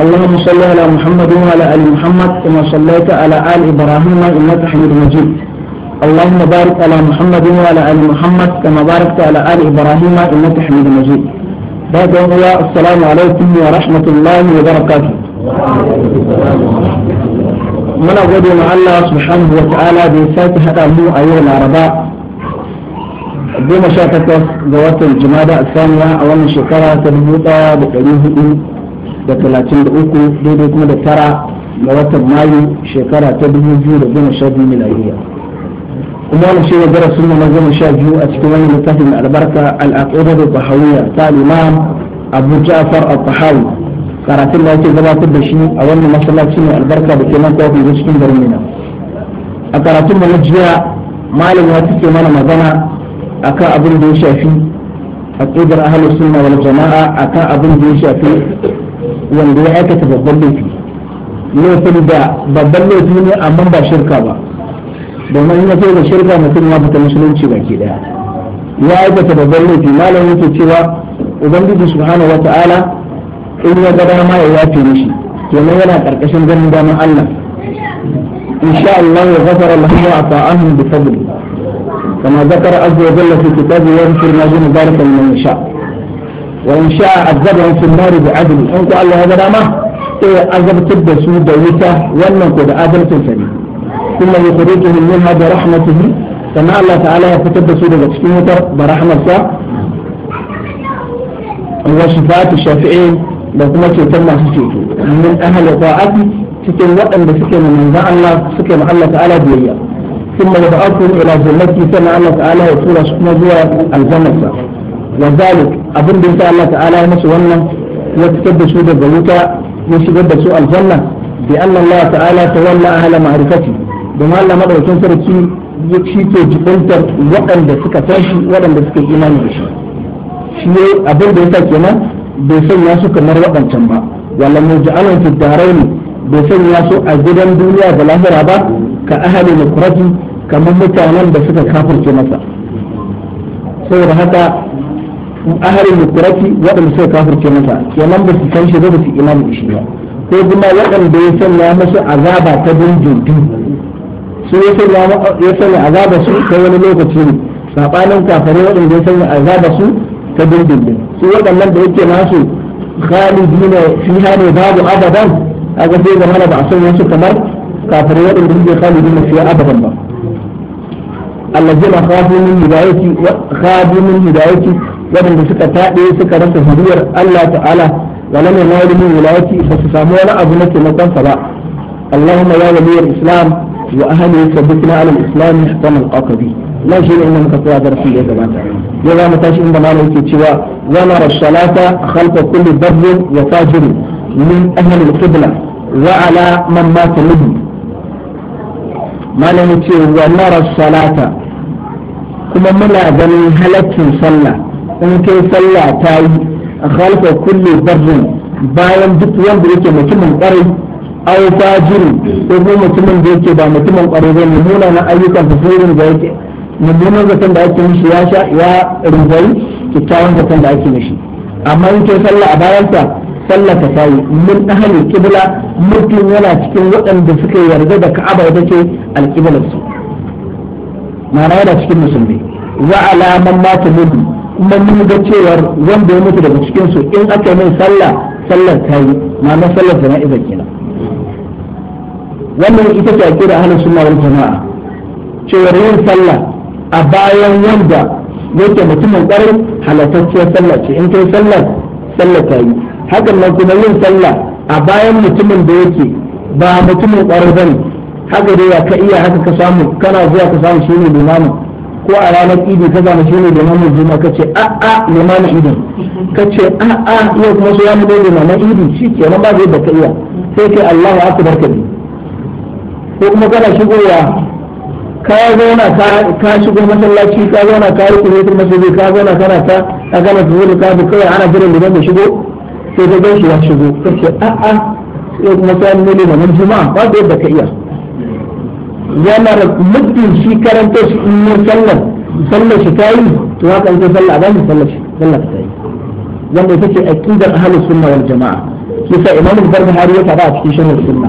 اللهم صل على محمد وعلى ال محمد كما صليت على ال ابراهيم انك حميد مجيد اللهم بارك على محمد وعلى ال محمد كما باركت على ال ابراهيم انك حميد مجيد بعد الله السلام عليكم ورحمه الله وبركاته من gode مع الله سبحانه وتعالى ta'ala da ya sake haɗa mu a yau laraba goma sha takwas ga watan jumada da talatin da uku daidai kuma da tara ga watan mayu shekara ta dubu biyu da goma sha biyu kuma wani shi ne darasin na goma sha biyu a cikin wani littafin albarka al'aqida da bahawiyya ta imam abu ja'far al-tahawi karatun da ake gabatar da shi a wannan masallaci mai albarka da ke nan kofin da cikin garin a karatun mu jiya malam ya take mana magana akan abin da ya shafi aqidar ahlus sunna wal jama'a akan abin da ya shafi wanda ya aikata babban laifi laifin da babban laifi ne amma ba shirka ba domin yana kai da shirka mutum ya fita musulunci ba ke daya ya aikata babban laifi malam yake cewa ubangiji subhanahu wata'ala in ya ga dama ya yafe mishi kenan yana karkashin ganin daman Allah insha Allah ya gafara lahu wa ata'ahum bi fadli kama zakara azza wa jalla fi kitabihi yanfur yamsur ma dun dhalika liman yasha' وإن شاء عذبهم في النار بعدل أنت الله هذا ما سودا بسود ويتا ولنقل آدمة تنفني ثم يخرجه منها برحمته كما الله تعالى يكتب بسود وكسكينه برحمته وصفات الشافعين لكما تتمع سجيته من أهل طاعته سكن وقم بسكن من ذا الله سكن الله تعالى بيئة ثم يبعثهم إلى زمتي كما الله تعالى يقول سكنه بيئة الزمتة وذلك abin da yasa Allah ta'ala ya musu wannan ya fitar da su daga wuta ya shigar da su aljanna bi anna Allah ta'ala tawalla ahla ma'rifati domin Allah madaukakin sarki ya ci ke jibantar waɗanda suka tashi waɗanda suka imani da shi shi ne abin da yasa kenan bai sanya su kamar waɗancan ba wallan muja'alun fi daraini bai sanya su a gidan duniya da lahira ba ka ahli mukrati kamar mutanen da suka kafirce masa saboda haka ahalin mukurati waɗanda suka kafirce masa kenan ba su san shi ba su imani shi ba ko kuma waɗanda ya sanya musu azaba ta dindindin su ya sanya azaba su ta wani lokaci ne saɓanin kafare waɗanda ya sanya azaba su ta dindindin su waɗannan da yake nasu khalidina fiha ne babu abadan a ga da zamana ba a sanya su kamar kafare waɗanda suke khalidina fiha abadan ba الذين خافوا من هدايتي خافوا من هدايتي waɗanda suka taɗe suka rasa zuriyar Allah ta'ala wa lam yanalu min wilayati ba su samu wani abu na taimakon sa ba Allahumma ya waliyar Islam wa ahli sabbitna ala al-islam ihkam al-aqdi la shi ne inda muka tsaya darasi da gabata ya za mu tashi inda malam yake cewa zama rasalata khalqa kulli barrin wa fajirin min ahli al-qibla وعلى من مات منه ما لم ونرى الصلاة kuma ملا ganin هلك sallah. in kai sallah ta yi a khalfa kulle barrin bayan duk wanda yake mutumin kwarai aw fajiri ko kuma mutumin da yake ba mutumin kwarai ba ne nuna na ayyukan fasirin da yake mummunan zaton da ake mishi ya sha ya rubai kyakkyawan zaton da ake mishi amma in kai sallah a bayansa sallah ta tayi mun ahli kibla mutum yana cikin waɗanda suka yarda da ka'aba da ke alƙiblarsu ma'ana yana cikin musulmi wa alaman mata mudu kuma mun ga cewar wanda ya mutu daga cikin su in aka min sallah sallar ta yi ma'ana sallar jana'iza kenan wannan ita ce akida hana sunna wal jama'a cewar yin sallah a bayan wanda yake mutumin kwarai halattacciyar sallah ce in kai sallar sallar ta yi hakan nan kuma yin sallah a bayan mutumin da yake ba mutumin kwarai bane haka dai ya ka iya haka ka samu kana zuwa ka samu shine limamin ko a ranar idin ka zama shi ne limamin juma ka ce a'a ah, ah, limamin idin ka ce a'a ah, iya kuma su yamu dole limamin idin shi ke nan ba zai da ka'iya sai ce Allah ya ku barka ko kuma kana shigowa ka zauna ka shigo masallaci ka zauna ka yi kuretin masallaci ka zauna kana ta ka gama su zuwa ka bi kawai ana jiran limamin shigo sai ka gan shi ya shigo ka ce a'a iya kuma su yamu da limamin juma ba zai da ka'iya iya yana da muddin shi karanta shi in yi sallar sallar shi ta yi to haka an zai sallar a bayan sallar shi sallar ta yi wanda ita ce aqidar ahlus sunna wal jamaa kisa imam al-barbahari ya faɗa a cikin shirin sunna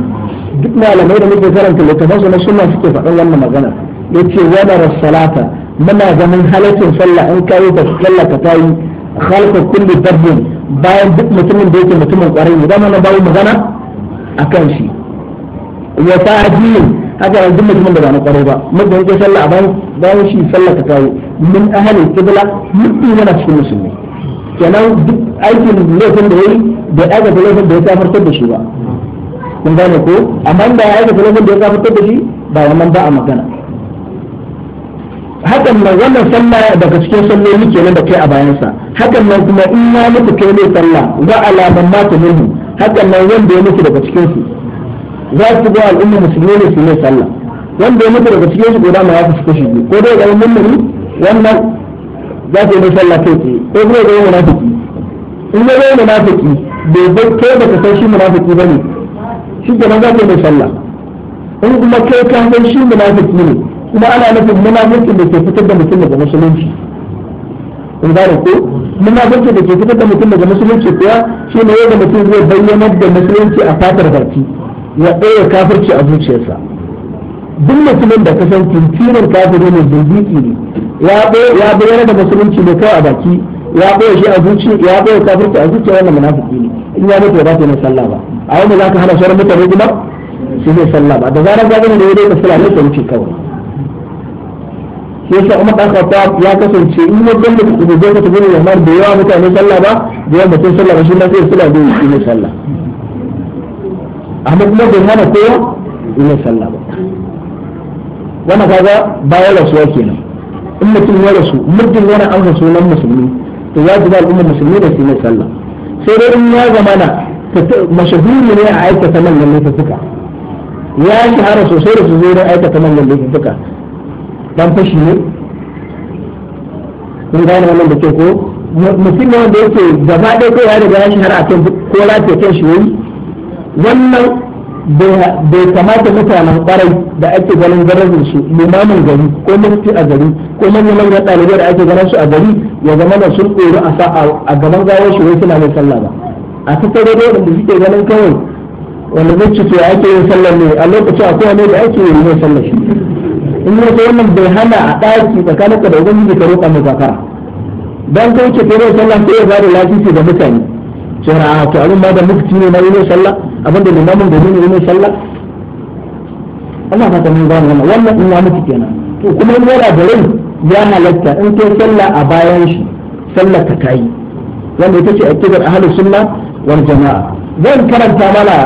duk malamai da muke karanta littafansu na sunna suke faɗan wannan magana yace wadara salata muna ganin halaccin sallah in kayi ta sallah ka tayi khalqa kulli dabbin bayan duk mutumin da yake mutumin kwarai ne dama na bawo magana akan shi wa ta'dil haka yanzu mutumin da ba na kwarai ba mutum ya sallah a bayan shi sallah ta kawo min ahalin kibla mutum yana cikin musulmi kenan duk aikin laifin da yayi bai aikata laifin da ya kafartar da shi ba kun gane ko amma da ya aikata laifin da ya kafartar da shi ba wannan ba a magana hakan nan wannan sallah daga cikin salloli kenan da kai a bayansa hakan nan kuma in ya mutu kai ne sallah wa alaman mata nuhu hakan nan wanda ya mutu daga cikin su za su ga al'umma musulmi ne su ne sallah wanda ya mutu daga cikin su guda ma ya fi kashi biyu ko dai ga mummuni wannan za su yi sallah kai tsaye ko kuma ga munafiki in ya ga munafiki bai bai kai baka san shi munafiki ne shi kenan za ta yi sallah in kuma kai ka san shi munafiki ne kuma ana nufin munafikin da ke fitar da mutum daga musulunci in gane ko munafikin da ke fitar da mutum daga musulunci kuwa shine yadda mutum zai bayyanar da musulunci a fatar barci ya ɗaya kafirci a zuciyarsa duk mutumin da ka san tuntunar kafiri ne zindiki ne ya bayyana da musulunci ne kawai a baki ya ɓoye shi a zuci ya ɓoye kafirci a zuciya wannan munafiki ne in ya mutu ba ta na sallah ba a wani za ka hana sauran mutane kuma su zai sallah ba da zarar ka gani da ya daina sallah ne ta wuce kawai sai shi Umar dan ya kasance in ya dalla da zai ta gani da yawa mutane sallah ba da yawa mutum sallah ba shi na zai sallah zai yi sallah amma kuma bai hana kowa yin sallah ba wannan kaga bayan rasuwa kenan in mutum ya rasu muddin yana rasu nan musulmi to wajibi al'umma musulmi da su yi sallah sai dai in ya na mashahuri ne a aikata manyan laifuka ya shahara sosai da su sosai don aikata manyan laifuka dan fashi ne kun gane wannan da ke ko mutum ne wanda yake gaba ɗaya kai ya riga ya shahara kan ko lafiya kan shi wani wannan bai kamata mutanen ƙwarai da ake ganin garin su limamin gari ko mafi a gari ko manyan manyan ɗalibai da ake ganin su a gari ya zama da sun tsoro a sa a gaban gawar shi wai suna mai sallah ba a kasar da wanda suke ganin kawai wanda zai ci ya ake yin sallah ne a lokacin akwai wani da ake yin mai sallah shi in yi wannan bai hana a ɗaki tsakanin ka da ubangiji ka roƙa mai zakara don kai ce kai mai sallah sai ya bada lafiya da mutane cewa a to abin ma da mukti ne na yi mai sallah abinda limamin da ne ne sallah Allah fata mun gane wannan wannan in ya mutu kenan to kuma in yana da rai ya halatta in kai sallah a bayan shi sallar ka tayi wanda ita ce akidar ahlus sunna wal jama'a zan karanta mana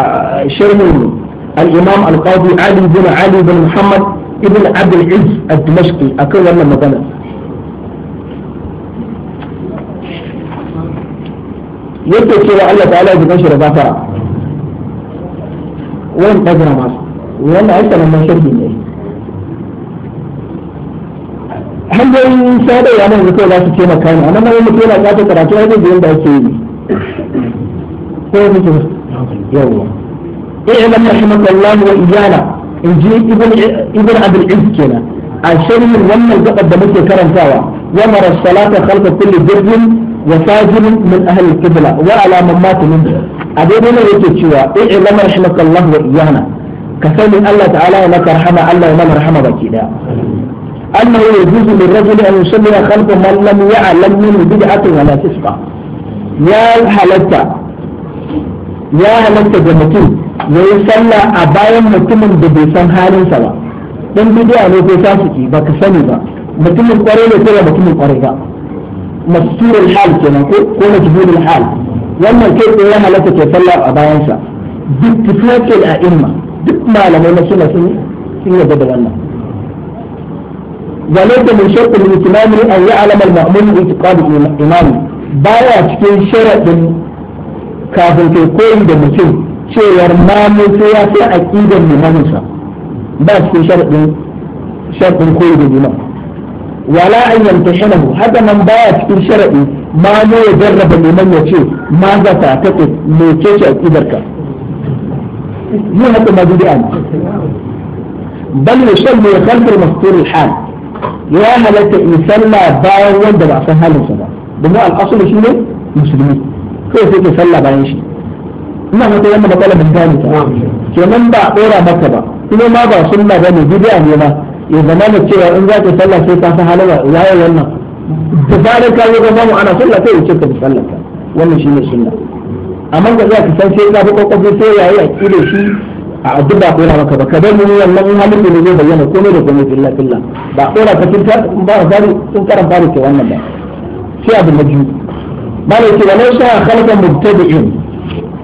sharhin al-imam al-qadi ali bin ali bin muhammad ibn abd al-izz ad-dimashqi akan wannan magana yadda cewa Allah ta'ala ya gaban shi da gafara wayan ɗaga masu wanda ake nan ma shirki ne hanyoyin sadarwa nan da za su taimaka ne amma mai mutum yana zata karatu a zai yadda ake yi ko ya mutu yawwa eh lam yahmaka Allah wa iyala in ji ibn abul izz kenan a sharhin wannan gabar da muke karantawa wa mara salata khalfa kulli birrin wa fajirin min ahli al-qibla wa ala man mata minhu a daidai ne yake cewa i'lam rahimakallahu wa iyana ka sani Allah ta'ala ya maka rahama Allah ya maka rahama baki daya أنه يجوز للرجل أن يصلي خلف من لم يعلم منه بدعة ولا فسقة يا حلتا يا حلتا جمتين ويصلى أبايا متمن ببيسان حالين سوا dan bidiya ne ko fasiki ba ka sani ba mutumin kware ne ko mutumin kware ba masturul hal kenan ko ko majhulul hal wannan kai tsaye ya halatta ke sallah a bayansa duk tufafil a imma duk malamai na suna sun yarda da wannan وليس من شرط الإتمام أن يعلم المأمون باعتقاد Ba ya cikin sharaɗin kafin kai koyi da mutum cewar mamu sai ya sai aƙidar limaninsa ba cikin sharaɗin sharaɗin koyi da liman wala an yanta shanahu haka nan ba ya cikin sharaɗin? ma ne ya jarraba neman ya ce ma za ta take mece ce aqidarka yin haka ma bid'a ne bal yusalli khalf al-mastur al-hal ya halatta in salla bayan wanda ba san halinsa ba domin al shi ne musulmi kai sai ke salla bayan shi ina haka yamma matsala mun gane ta kenan ba a ɗora maka ba kuma ma ba sunna bane bid'a ne ma ya zama da cewa in za ka salla sai ka san halin wa ya wannan da zarar ka yi gama ana sallah sai wuce ka bi sallah wannan shine sunna amma ka za ka san sai ka fi sai yayi a kire shi a addu'a ko na maka ba ka mun yi wannan halin da zai bayyana komai da komai billah billah ba dora ka tun ba zari tun karan fara ke wannan ba sai abu na biyu ke ce walau sa khalqan mubtadi'in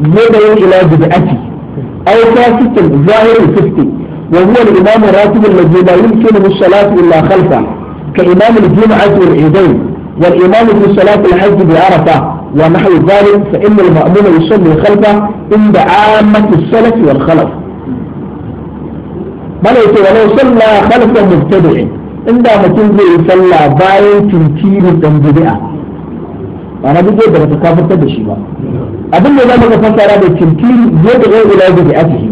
yin ila bid'ati aw fasikin zahirin fiski wa huwa al-imam ratib alladhi la yumkinu as-salatu illa khalfahu كإمام الجمعة والعيدين والإمام في صلاة الحج بعرفة ونحو ذلك فإن المأمون يصلي خلفه عند عامة السلف والخلف بل ولو صلى خلف مبتدع عند تنزل يصلى صلى باين تنتين تنبدع أنا بجد ده تكافر تدشي ما أبن لما تفسر هذا التنتين يدعو إلى بدعته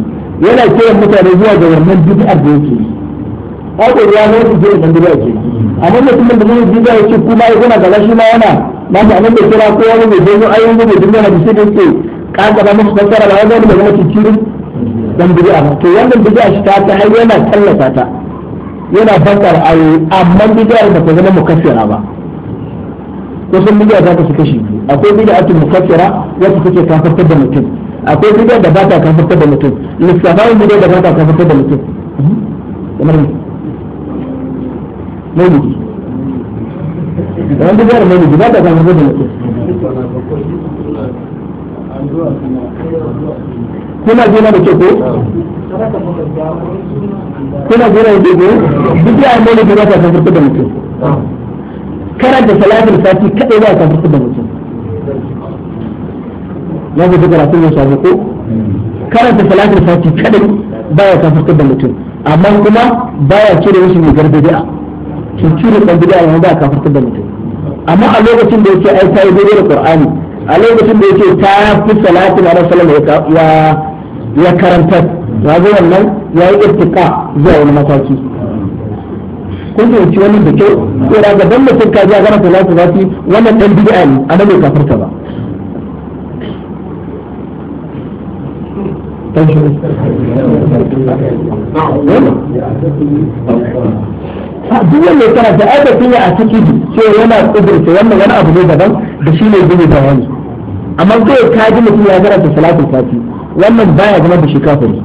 ولا يكون متى رجوع ده من بدعة بيته أو يا نور بدعة بيته amma mutumin da zai jiga ya ce kuma ya kuna gaba shi ma yana ba ta abin da kira ko wani mai dogo ayoyin da dinga na bishi da ke kaga ba musu fassara ba wani da wani cikin dan bid'a ba to wannan bid'a shi ta ta yana tallata ta yana fassara ayoyi amma bid'a ba ta zama mukaffira ba kusan bid'a za ta su kashe akwai bid'atul mukaffira wacce take kafartar da mutum akwai bid'a da ba ta kafartar da mutum lissafin bid'a da ba ta kafartar da mutum hmm? kamar maulidi da wanda zai maulidi ba ta samu gudun mutum kuna gina da ke ko kuna jina da ke ko duk ya maulidi ba ta samu da mutum karanta salatin sati kadai ba ta samu da mutum ya ga karatun ya shafi ko karanta salatin sati kadai ba ya samu da mutum amma kuma baya cire wasu mai gargajiya su kan bi bida a ba ka fitar da mutum amma a lokacin da yake ai ta yi gobe da qur'ani a lokacin da yake ta fi salatin ala sallama ya ya karantar ya ga wannan ya yi irtiqa zuwa wani mataki kun wani wannan da kyau ko da ga dan mutum ka ji a gana salatu zati wannan dan bid'a ne a bai kafirta ba Thank you. a mai wanda ya karanta ai da kunya a ciki sai yana kudurce wannan wani abu ne daban da shi ne gini bayani amma kai ka ji mutum ya karanta salatul fati wannan baya zama da shi kafiri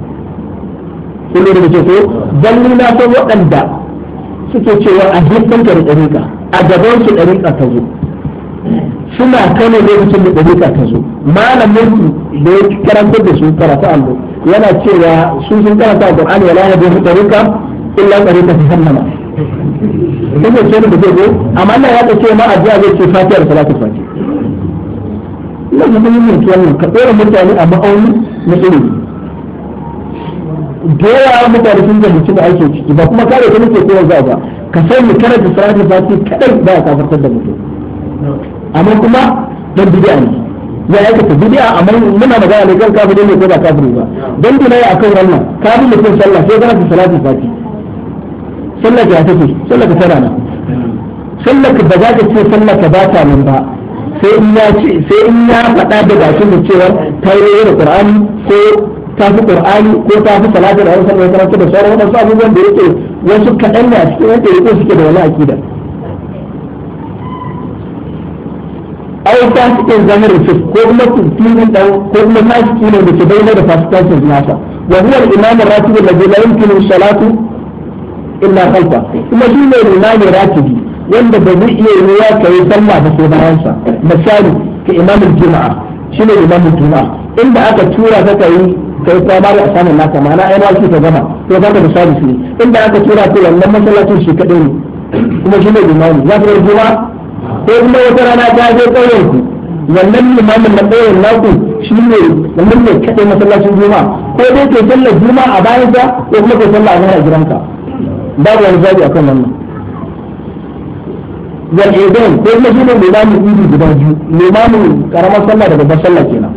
kun lura da ko Zan nuna san waɗanda suke cewa a hisan ka da ɗariƙa a gaban su ɗariƙa ta zo suna kano lokacin da ɗariƙa ta zo malamin da ya karantar da su karatu allo yana cewa su sun karanta alƙur'ani wala ya bi ɗariƙa illa ɗariƙa ta hannama ne zai ce da zai zo amma Allah ya ce ma a zai ce fatiha da salatu fati ina ga mun yin wannan ka tsere mutane a ma'auni na ilimi da yawa mutane sun zalunci da ake ciki ba kuma kare ka nake koyar za ba ka kare karanta salatu fati kadai ba ya kafartar da mutum amma kuma dan bid'a ne ya aikata bid'a amma muna magana ne kan kafiri ne ko ba kafiri ba dan dinai akan wannan kafiri ne ko sallah sai kana salatu fati sallar ya take sallar tana nan sallar ka ba za ka ce sallar ka ba ta nan ba sai in ya ce sai faɗa da bakin da cewa ta yi da qur'ani ko ta fi qur'ani ko ta fi salatu da wasu sallar karatu da sauran wadansu abubuwan da yake wasu kaɗan ne a cikin wanda yake suke da wani akida ai fasikin zahir fis ko kuma tuntunin dan ko kuma fasiki ne da ke bayyana da fasikancin nasa wa huwa al-imam ar-ratib alladhi la yumkinu salatu illa khalfa kuma shi ne limami ratibi wanda ba zai iya ruwa ka yi sallah ba sai bayan sa misali ka imamul juma'a shi ne imamul juma'a inda aka tura ka kai kai primary a samun naka ma'ana ai ma shi ka gama to ka da sabis ne inda aka tura ka wannan masallacin shi kadai ne kuma shi ne limami ya ka yi juma'a ko kuma wata rana ta je kauyen ku wannan limamin na kauyen naku shi ne wannan ne kadai masallacin juma'a ko dai ke sallar juma'a a bayan sa ko kuma ke sallah a gidanka babu wani zabi akan wannan wal idan ko kuma shine limamin idi guda biyu limamin karamar sallah da babbar sallah kenan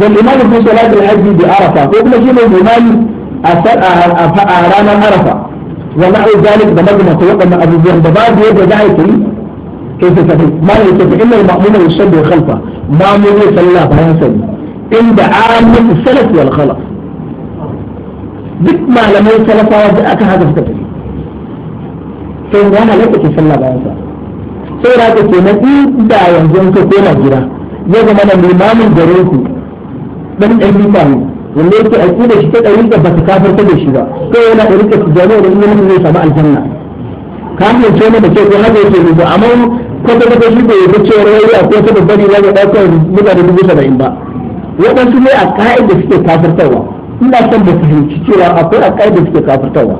wal imam fi salat al bi arafa ko kuma shine limami a ranar arafa wa na'i zalik da magana ta wadannan abubuwan da babu yadda za a yi كيف تفعل ما يتفع إلا المأمون يصلي خلفه ما يصلى بيان سبيل عند عامة السلف والخلق duk malamai talafawa da aka haɗa suka tafi sai rana na kake sallah bayan sa sai ka ke na inda yanzu ka koma gida ya zama da limamin garin ku dan dan bita ne wanda yake aiki da shi ta ɗari da ba ta kafarta da shi ba sai yana ɗari da su jami'a da ilimin zai samu aljanna kafin ce ne da ke ko haka ke ne ba amma kwata kwata shi bai ga cewa wai a ko ta babbar ne ya ga ɗaukar mutane dubu saba'in ba waɗansu ne a ka'id da suke kafartarwa ina son da fahimci cewa akwai akai da suke kafirtawa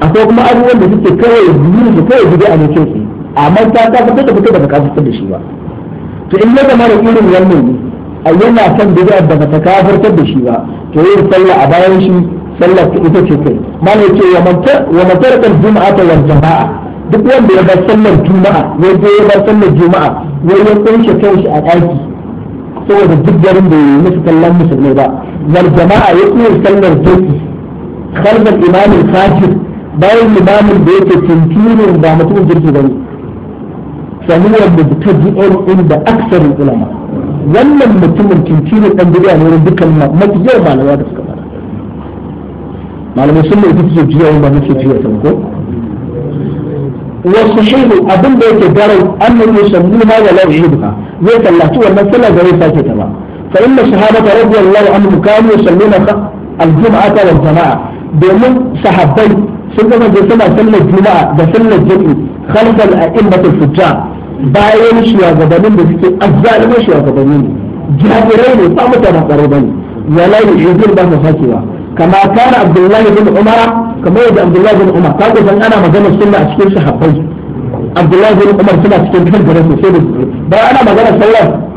akwai kuma abubuwan da suke kawai yin su kawai zube a ne su amma ta kafirtar da fito daga kafirtar da shi ba to in ya zama da irin wannan a yana kan bid'a da bata kafirtar da shi ba to yin sallah a bayan shi sallah ta ita ce kai mana ce wa da juma'a ta wal jama'a duk wanda ya bar sallar juma'a ya je ya bar sallar juma'a wai ya kunshe kanshi a ɗaki saboda duk garin da ya yi musu kallon musulmai ba wal jama'a yake sallar jami'i khalfal imam al-fajir bayan limamin da yake tuntunin ba mutum jirgi bane samuwar mubtadi'un inda aksar ulama wannan mutumin tuntunin dan bid'a ne wurin dukkan matiyar malama da suka fara malamai sun ne duk jiya ba muke jiya ta ko والصحيح أبن بيت الدار أنه يسمونها ولا يعيدها ويسلحت والنسلة غير فإن الصحابة رضي الله عنهم كانوا يصلون الجمعة والجماعة domin sahabbai sun zama da suna sallar juma'a da sallar jami'i khalfal a'immatul fujja bayan shugabannin da suke azzalimin shugabanni ne jabirai ne ba mutanen tsaro bane wala yu'idun ba mafakiwa kama kana abdullahi bin umara kamar yadda abdullahi bin umar ka ga ana magana sunna a cikin sahabbai abdullahi bin umar suna cikin kan gare sosai da ba ana magana Sallah.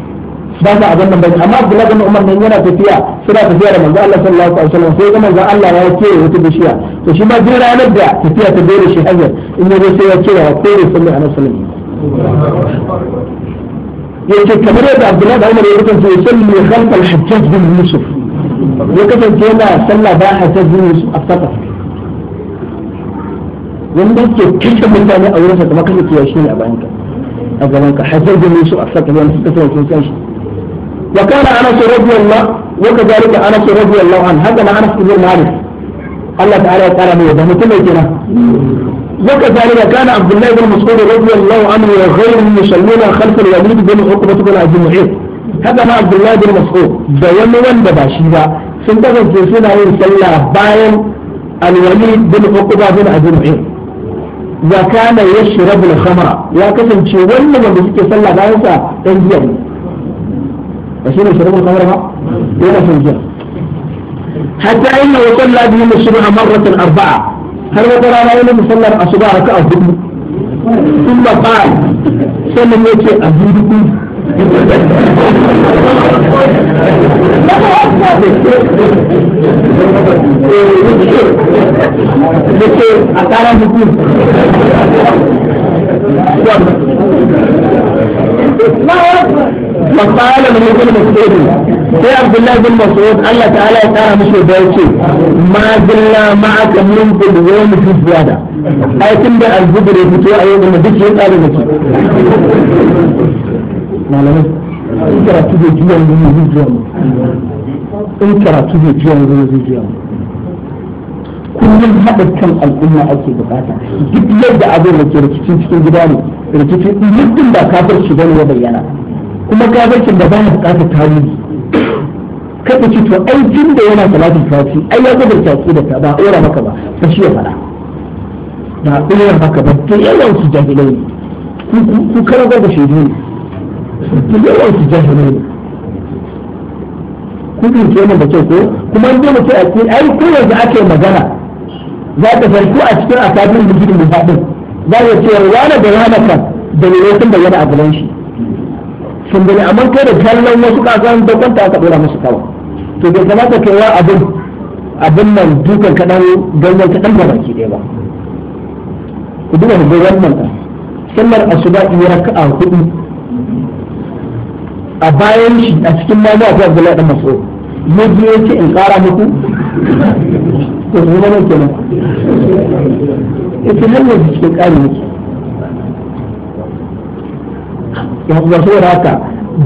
ba ta abin nan bane amma Abdullah bin Umar ne yana tafiya suna tafiya da manzo Allah sallallahu alaihi wasallam sai ga manzo Allah ya ce wata bishiya to shi ma duk ranar da tafiya ta dole shi hanyar in ya sai ya ce ya kore sallallahu alaihi wasallam yake kamar yadda Abdullah bin Umar ya kasance ya salli khalf al-Hajjaj bin Yusuf ya kasance yana sallah ba Hajjaj bin Yusuf a saka wanda ke kashe mutane a wurinsa kamar kashe kiyashi ne a bayanka a gabanka Hajjaj bin Yusuf a saka wanda suka sanya sun san shi وكان أنس رضي الله وكذلك أنس رضي الله عنه هذا ما أنس بن مالك الله تعالى قال له ده متمكنة وكذلك كان عبد الله بن مسعود رضي الله عنه وغيره يصلون خلف الوليد بن عقبة بن عبد المعيط هذا ما عبد الله بن مسعود ده يمن باشي ده sun kasance suna yin sallah bayan alwali bin بن bin azumi wa kana yashrabul khamra ya kasance wannan wanda suke sallah bayan sa dan giya عشان يشربون خمرها ولا خنزير حتى انه صلى بهم الصبح مره اربعه هل على عليهم صلى الصبح ركعه ثم قال صلى يوتي ازيدكم أتعرف ما هو وقال من يقول مسعود sai abdullahi الله بن Allah ta'ala ya kara مش da ما ma معك من كل يوم في fi أي ai tun da al-zubri fito a yau da duk ya tsare in karatu zai in kullum haɗa kan al'umma ake bukata duk yadda abin da ke rikicin cikin gida ne rikicin yadda ba shi bane ya bayyana kuma kafircin da ba baya bukatar tarihi kada ci to ai jin da yana salatin fati ai ya ta ku da ta ba a maka ba ba shi ya fada ba a ɗora maka ba ta yawan su jahilai ne ku karabar da shaidu ne ta yawan su jahilai ne ku ce mu da kyau ko kuma in zai mutu a cikin ai ko yanzu ake magana za ka farko a cikin asabin bijirin mu faɗin za ka ce wani da wani kan da ne sun bayyana a gaban shi kin gani amma kai da kallon wasu kasan da kwanta aka dora musu kawa to bai kamata kai wa abin abin nan dukan kaɗan ganyen kaɗan dan baki ɗaya ba ku duba ku ga wannan ka sallar asuba iya a hudu a bayan shi a cikin mamu akwai abdullahi dan maso ya ji ya ce in ƙara muku to zama ne kenan ita hanyar da cikin kare muke ya kuwa saboda haka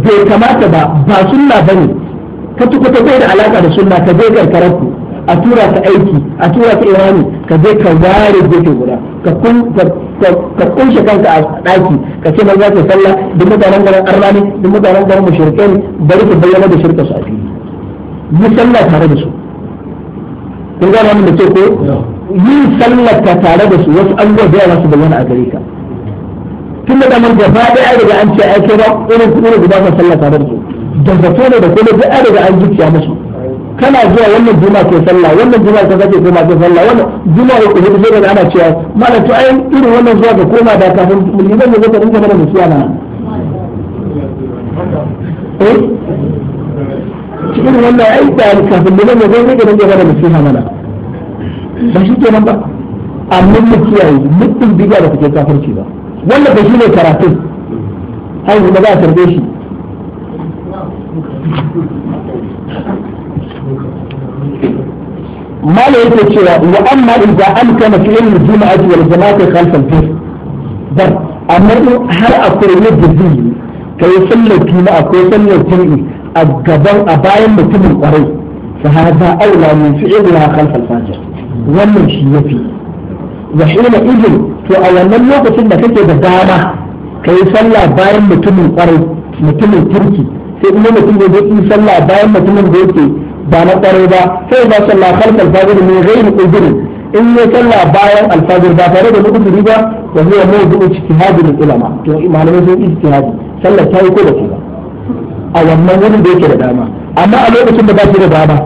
bai kamata ba ba sunna bane ka tukuta bai da alaka da sunna ka je garkarar ku a tura ka aiki a tura ka irani ka je ka ware gefe guda ka kunshe kanka a ɗaki ka ce maza ke sallah duk mutanen garin arna duk mutanen garin mushrike bari ka bayyana da shirka su a fili yi sallah tare da su kun gane mun da ce ko yi sallah tare da su wasu abubuwa da yawa su bayyana a gare ka tun da zaman gaba da daga an ce ake ba irin kuɗi da guda ka sallah tare da su da zato da kuma duk an an gicciya musu kana zuwa wannan juma'a ke sallah wannan juma'a ka kake koma ke sallah wannan juma'a ko hudu da ana cewa malam to ai irin wannan zuwa ga koma da kafin liman ya zaka dinka mana musiya na eh cikin wannan ai da kafin liman ya zaka dinka mana musiya mana ba shi ke nan ba amma mu kiyaye mutum biga da kake kafirci ba wannan ba shi ne karatun har ba za a tarbe shi mala yake cewa wa amma idza amkana fi ilmi juma'ati wal ta khalfal bayt bar amma har a akwai yadda ka yi sallar juma'a ko sallar jami'i a gaban a bayan mutumin kwarai fa hada aula min fi'liha khalfal fajr wannan shi yafi wa hina idin to a wannan lokacin da kake da dama ka yi sallah bayan mutumin kwarai mutumin kirki sai kuma mutum da zai yi sallah bayan mutumin da yake ba na kwarai ba sai ba sallah khalqa al-fajr min ghairi udhrin in ya sallah bayan al-fajr ba tare da udhri ba wa huwa ciki ijtihadil ulama to malamai sun ijtihadi sallah ta yi ko da ba a wannan wurin da yake da dama amma a lokacin da ba shi da dama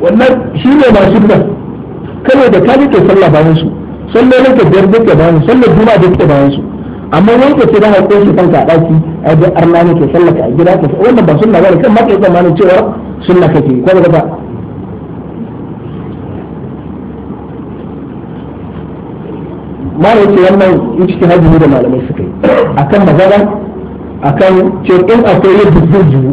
wannan shi ne masu da kawai da ka ke sallah bayan su sallolin ka biyar duk da bayan sallar juma'a duk da bayan su amma wani ka ce da haƙo shi kanka a ɗaki a ga arna ne ke sallaka a gida ka wannan ba sunna bane kan ma kai tsammanin cewa sunna kake ko da ba mara yake wannan in cikin hajji da malamai suka yi akan magana akan ce in akwai yadda zai jiwu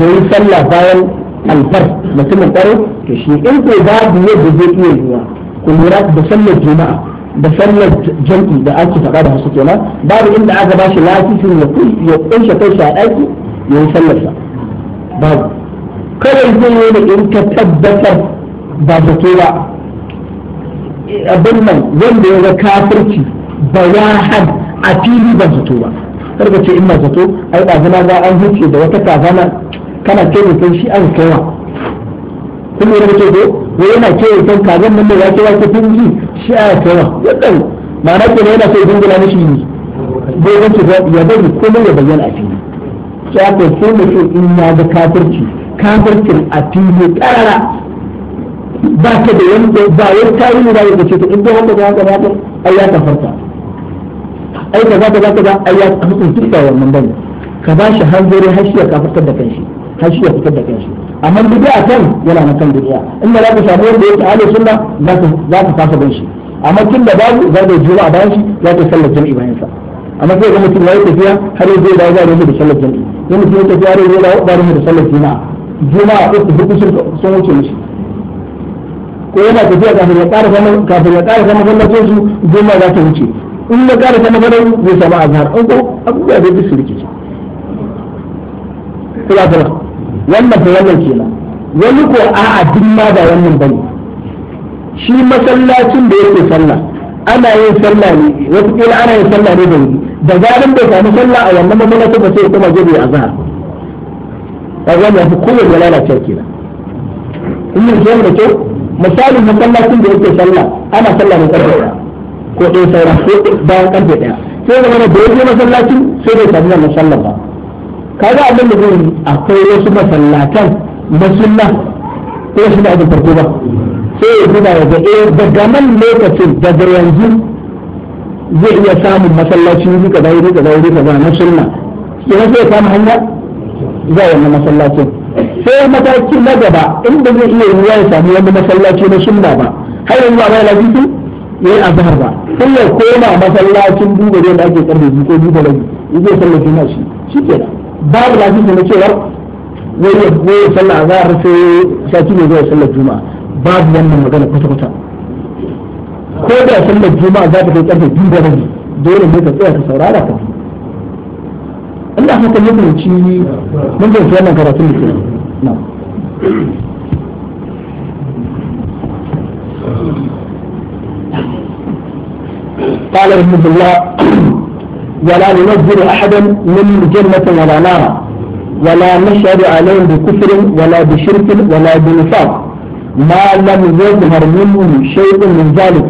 ya yi sallah bayan alfar mutumin ɗaro to shi in ko babu yadda zai iya yiwuwa lura da sallar juma'a da sallar jam'i da ake faɗa da hasu kenan babu inda aka ba shi lafisin ya kunshe kai shi a ɗaki ya yi sallarsa babu kawai zai yi da in ka tabbatar ba zato ba abin nan wanda ya ga kafirci bayahan a fili ba zato ba karka ce ina zato ai ɗazana za an huce da wata kazana kana taimakon shi an kaiwa kuma yana ce ko ko yana kewa kan kazan nan da ya kewa ta tunji shi a kawa yadda tsaye ma'ana ke yana so ya dingula mishi ne bai wace ya bari komai ya bayyana a fili sai aka so mutum in ya ga kafirci kafircin a fili karara ba ka da wanda ba wani tayi ne da ce to in dai wanda ba ka ba ka ai ya kafarta ai ka za ka za ka ba ai ya mutum tuka wannan bane ka ba shi hanzari har shi ya kafartar da kanshi har shi ya fitar da kanshi amma bid'a kan yana na kan bid'a inda za ka samu wanda yake ahlus sunna za ka fasa bin shi amma tun da babu za ka jiwa a bayan shi za ka sallar jami'i bayan sa amma sai ga mutum yayi tafiya har yanzu da ya da sallar jami'i yana mutum ya tafiya har yanzu da ya da sallar jami'a juma'a uku duk sun wuce mishi ko yana tafiya kafin ya ƙara zama kafin ya ƙara zama gwamnatin su goma za ta wuce in ya ƙara zama gwamnatin zai samu azhar an ko abubuwa da duk su rikici. Kula wannan fa wannan kenan wani ko a'a duk ma ba wannan bane shi masallacin da yake sallah ana yin sallah ne wasu kila ana yin sallah ne da wuri da zaran bai samu sallah a wannan masallaci ba sai kuma gobe a zahar kaga ya fi kowace lalacewa kenan in yin kiyar da kyau misalin masallacin da yake sallah ana sallah ne karfe ɗaya ko ɗaya sauran ko bayan karfe ɗaya sai zama da yake masallacin sai bai samu wannan sallah ba kaga abin da zai akwai wasu masallatan masunna ko su da abin farko ba sai ya duba ya ga eh daga nan lokacin daga yanzu zai iya samun masallaci ne kaza ne kaza ne kaza na sunna sai sai ya samu hanya za ya na masallacin sai mataki na gaba inda zai iya yi ya samu wani masallaci na sunna ba har yanzu ba ya lafi ya yi azhar ba sai ya koma masallacin duba da ake karfe ko duba rabi zai sallaci na shi shi kenan babu lafiya na cewar wani ya goyi sallah za a rufe shaki ne zuwa sallar juma'a babu wannan magana kwata-kwata ko da sallar juma'a za ta kai karfe biyu da rabi dole ne ka tsaya ka saurara ka Allah haka ne mun ci mun ga wannan karatun da ke nan قال رحمه الله ولا ننزل أحدا من جنة ولا نارا ولا نشهد عليهم بكفر ولا بشرك ولا بنفاق ما لم يظهر منهم شيء من ذلك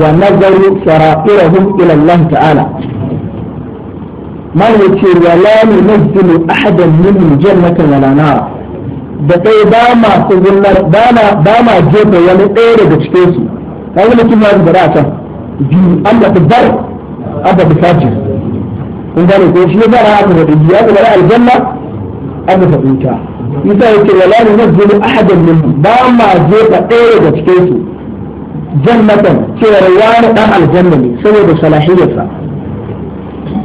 ونظروا سرائرهم إلى الله تعالى ما يقول ولا ننزل أحدا من جنة ولا نارا da ɗaya ba ma tsogunar ba ma jefa wani ɗaya daga cikinsu ta wani kima da a can biyu Allah ta bar abba da fajir kun gane ko shi yasa ran aka faɗi ya ga aljanna aka faɗi ta yasa yake wala nunzilu ahadan minhum ba ma je ka ɗaya daga cikin su jannatan cewa wani dan aljanna ne saboda salahiyarsa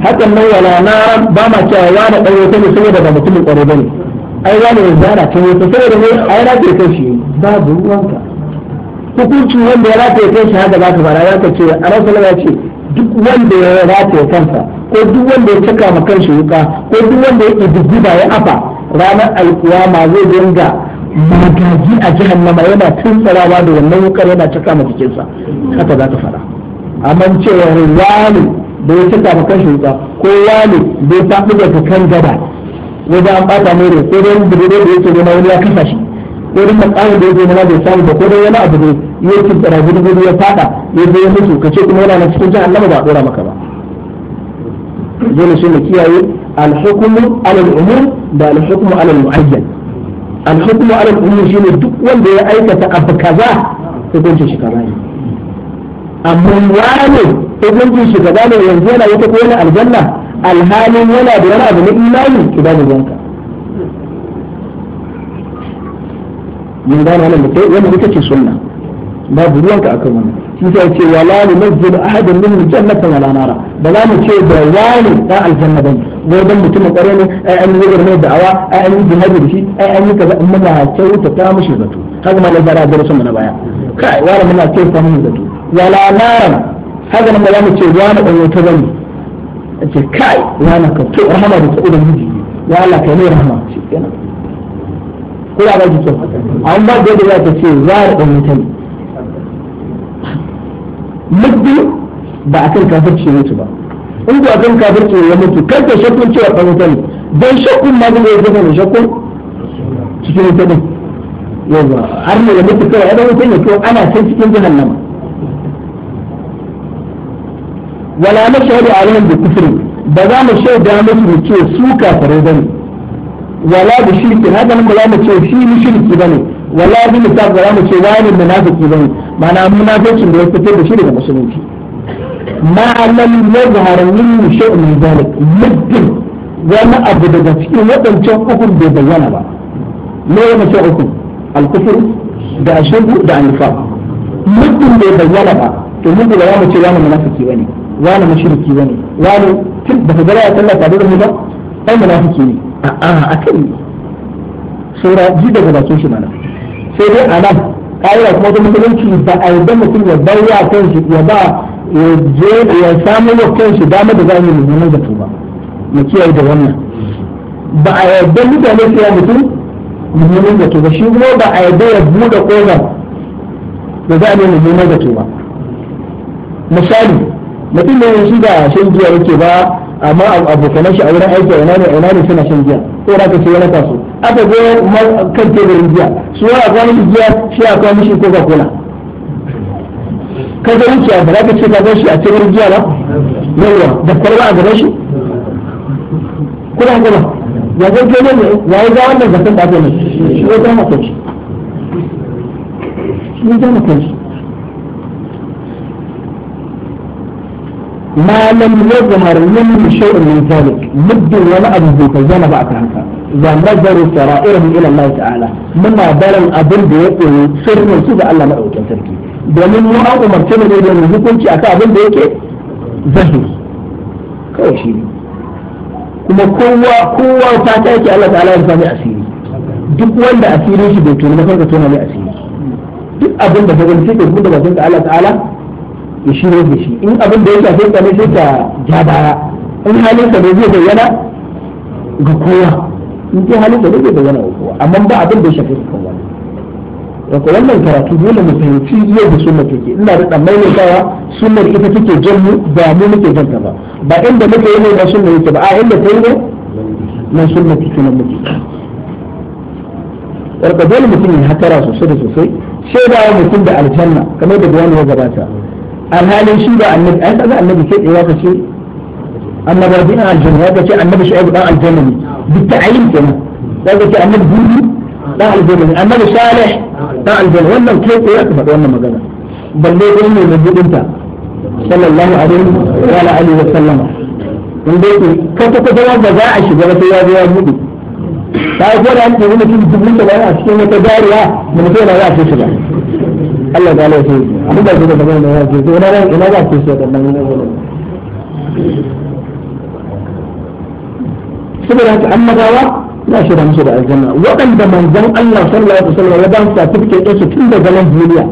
hakan nan wala na ba ma cewa wani dan wata ne saboda ba mutumin ƙwaro bane ai wani ne zara ta wata saboda ne ai na ke kai shi babu ruwanka hukuncin wanda ya rataye kai shi haka za ka fara ya ka ce a rasulullah ya ce duk wanda ya rataye kansa ko duk wanda ya cika ma kansa wuka ko duk wanda ya ƙididdiba ya afa ranar ma zai dinga magaji a jahannama yana tuntsarawa da wannan wukar yana cika ma jikinsa haka za ta fara amma cewa wani da ya cika ma kansa wuka ko wani da ya faɗi da kan gaba wajen an ɓata mai rai ko dai da yake nema wani ya kasa shi ko dai matsayin da yake nema bai samu ba ko da wani abu ne ya ci barabin gudu ya fada ya zo ya mutu kace kuma yana nan cikin jahannama ba dora maka ba dole shi ne kiyaye al-hukmu al-umur da al-hukmu ala al-mu'ayyan al-hukmu ala al-umur shine duk wanda ya aikata abu kaza hukuncin shi kaza ne amma wani hukuncin shi kaza ne yanzu yana wata ko yana aljanna alhalin yana da wani abu na imani ki ba da wanka mun gane wannan da kai wannan ita ce sunna babu ruwanka akan wannan shi sai ce wala ni nazil ahadan minhum jannatan wala nara ba za mu ce ba wani da aljanna bane wai dan mutum kware ne ai an yi mai da'awa ai an yi jihadi da shi ai an yi kaza in muna kyauta ta mushi zato haka ma lazara da rasul na baya kai wala muna kyauta mun zato wala nara haka nan ba za mu ce wani dan wata bane ce kai wani ka to rahama da ta ubangiji ya Allah kai ne rahama shi kenan ko ya ba ki to an ba da yadda za ta ce wani dan wata ne muddin ba a kan kafirci mutu ba in ba a kan kafirci ya mutu kar ka shakkun cewa ɗan wuta ne don shakkun ma zai yi zama da shakkun cikin wuta ne yawa har ne ya mutu kawai ɗan wuta ne kawai ana can cikin jahannama wala na shaidu alaihim da kufirin ba za mu shaida musu mu ce su kafirai bane wala da shirki haka nan ba za mu ce shi mushriki bane wallahi bin ta ba mu ce wani munafiki bane mana munafikin da ya fitar da shi daga musulunci ma lam yadhhar min shay'in min zalik muddin wani abu daga cikin waɗancan ukun bai bayyana ba me ya mace ukun al-kufr da ashirku da an-nifaq muddin bai bayyana ba to mun ba mu ce wani munafiki bane wani mushriki bane wani tun ba ka gara ya tallata da mu ba ai munafiki ne a'a akan saura ji daga bakin shi mana sai dai a nan ƙa'ida kuma ta musulunci ba a yi don mutum ya bar kan shi ya ba ya samu wa shi dama da zai yi nan zato ba mu kiyaye da wannan ba a yarda mutane su ya mutum mummunan zato ba shi kuma ba a yarda ya buɗe ƙogar da za a yi mummunan zato ba misali mutum ne shi da shan giya yake ba amma abokanan shi a wurin aiki a ina ne ina ne suna shan giya ko da ka ce ya raka aka zo kan teburin giya su wani akwai mishi giya shi akwai mishi coca cola ka zai wuce ba za ka ce ka zai shi a teburin giya ba yawa da kwalba a gaban shi kuna gaba ya zai gane ne ya yi zawon wannan zakan da aka yi shi ya ga makonci shi ya ga makonci ما لم يظهر منه شيء من ذلك مد ولا أبو بيان بعد هذا ونظروا سرائرهم إلى الله تعالى مما برن أبن بيقول سر من سيدة الله ما أوتى تركي domin mu an umarce mu ne da mu hukunci akan abin da yake zahiri kawai shi ne kuma kowa kowa ta yake Allah duk wanda asirin shi bai tuni na kanka tona mai asiri duk abin da ka gani sai ka gudu ba kanka Allah ta'ala ya shirya da shi in abin da ya shafe ka ne sai ka ja baya in halin ka ne zai bayyana ga kowa in dai halin ka ne zai bayyana ga kowa amma ba abin da ya shafe ka wani da ko wannan karatu dole mu fahimci yadda sunna take ina da dan maimaitawa sunnar ita take jan mu ba mu muke jan ta ba ba inda muke yi ne ba sunna yake ba a inda ta yi ne na sunna take nan muke daga dole mutum ya hatara sosai da sosai shaidawa mutum da aljanna kamar da bayani ya gabata alhalin shi ba annabi ai kaga annabi ke tsaye ka ce annabi bin aljanna ka ce annabi shu'aib dan aljanna ne bi ta'ayin kenan ka ce annabi hudu dan aljanna ne annabi salih dan aljanna wannan ke ya ka faɗi wannan magana balle gurin mai mabudin ta sallallahu alaihi wa alihi wa sallama wanda yake kwata kwata ba za a shiga ba sai ya zo ya buɗe ta ko da an ɗauki mutum dubu da a cikin wata dariya da mutum yana za a ce shiga Allah ya lafi abin da suka zama da yake to ina ina za ki so da nan ne saboda haka annabawa na shi shirya musu da aljanna waɗanda manzon Allah sallallahu alaihi wasallam ya ba su certificate ɗinsu tun da zaman duniya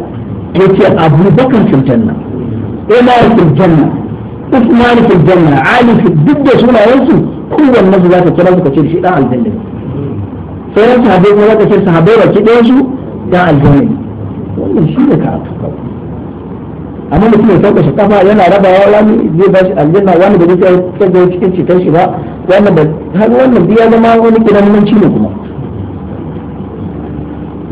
yace Abu Bakar fil janna Umar fil janna Usman fil janna Ali fil duk da sunayen su kowanne su zaka kira su ka ce shi dan aljanna sai ran sahabbai kuma zaka ce sahabbai baki ɗayan su dan aljanna wannan shi ne karatu amma mutum ya sauka shinkafa yana rabawa wani zai ba shi aljanna wani da zai tsaga cikin cikin shi ba wannan da har wannan biya zama wani kiran ne kuma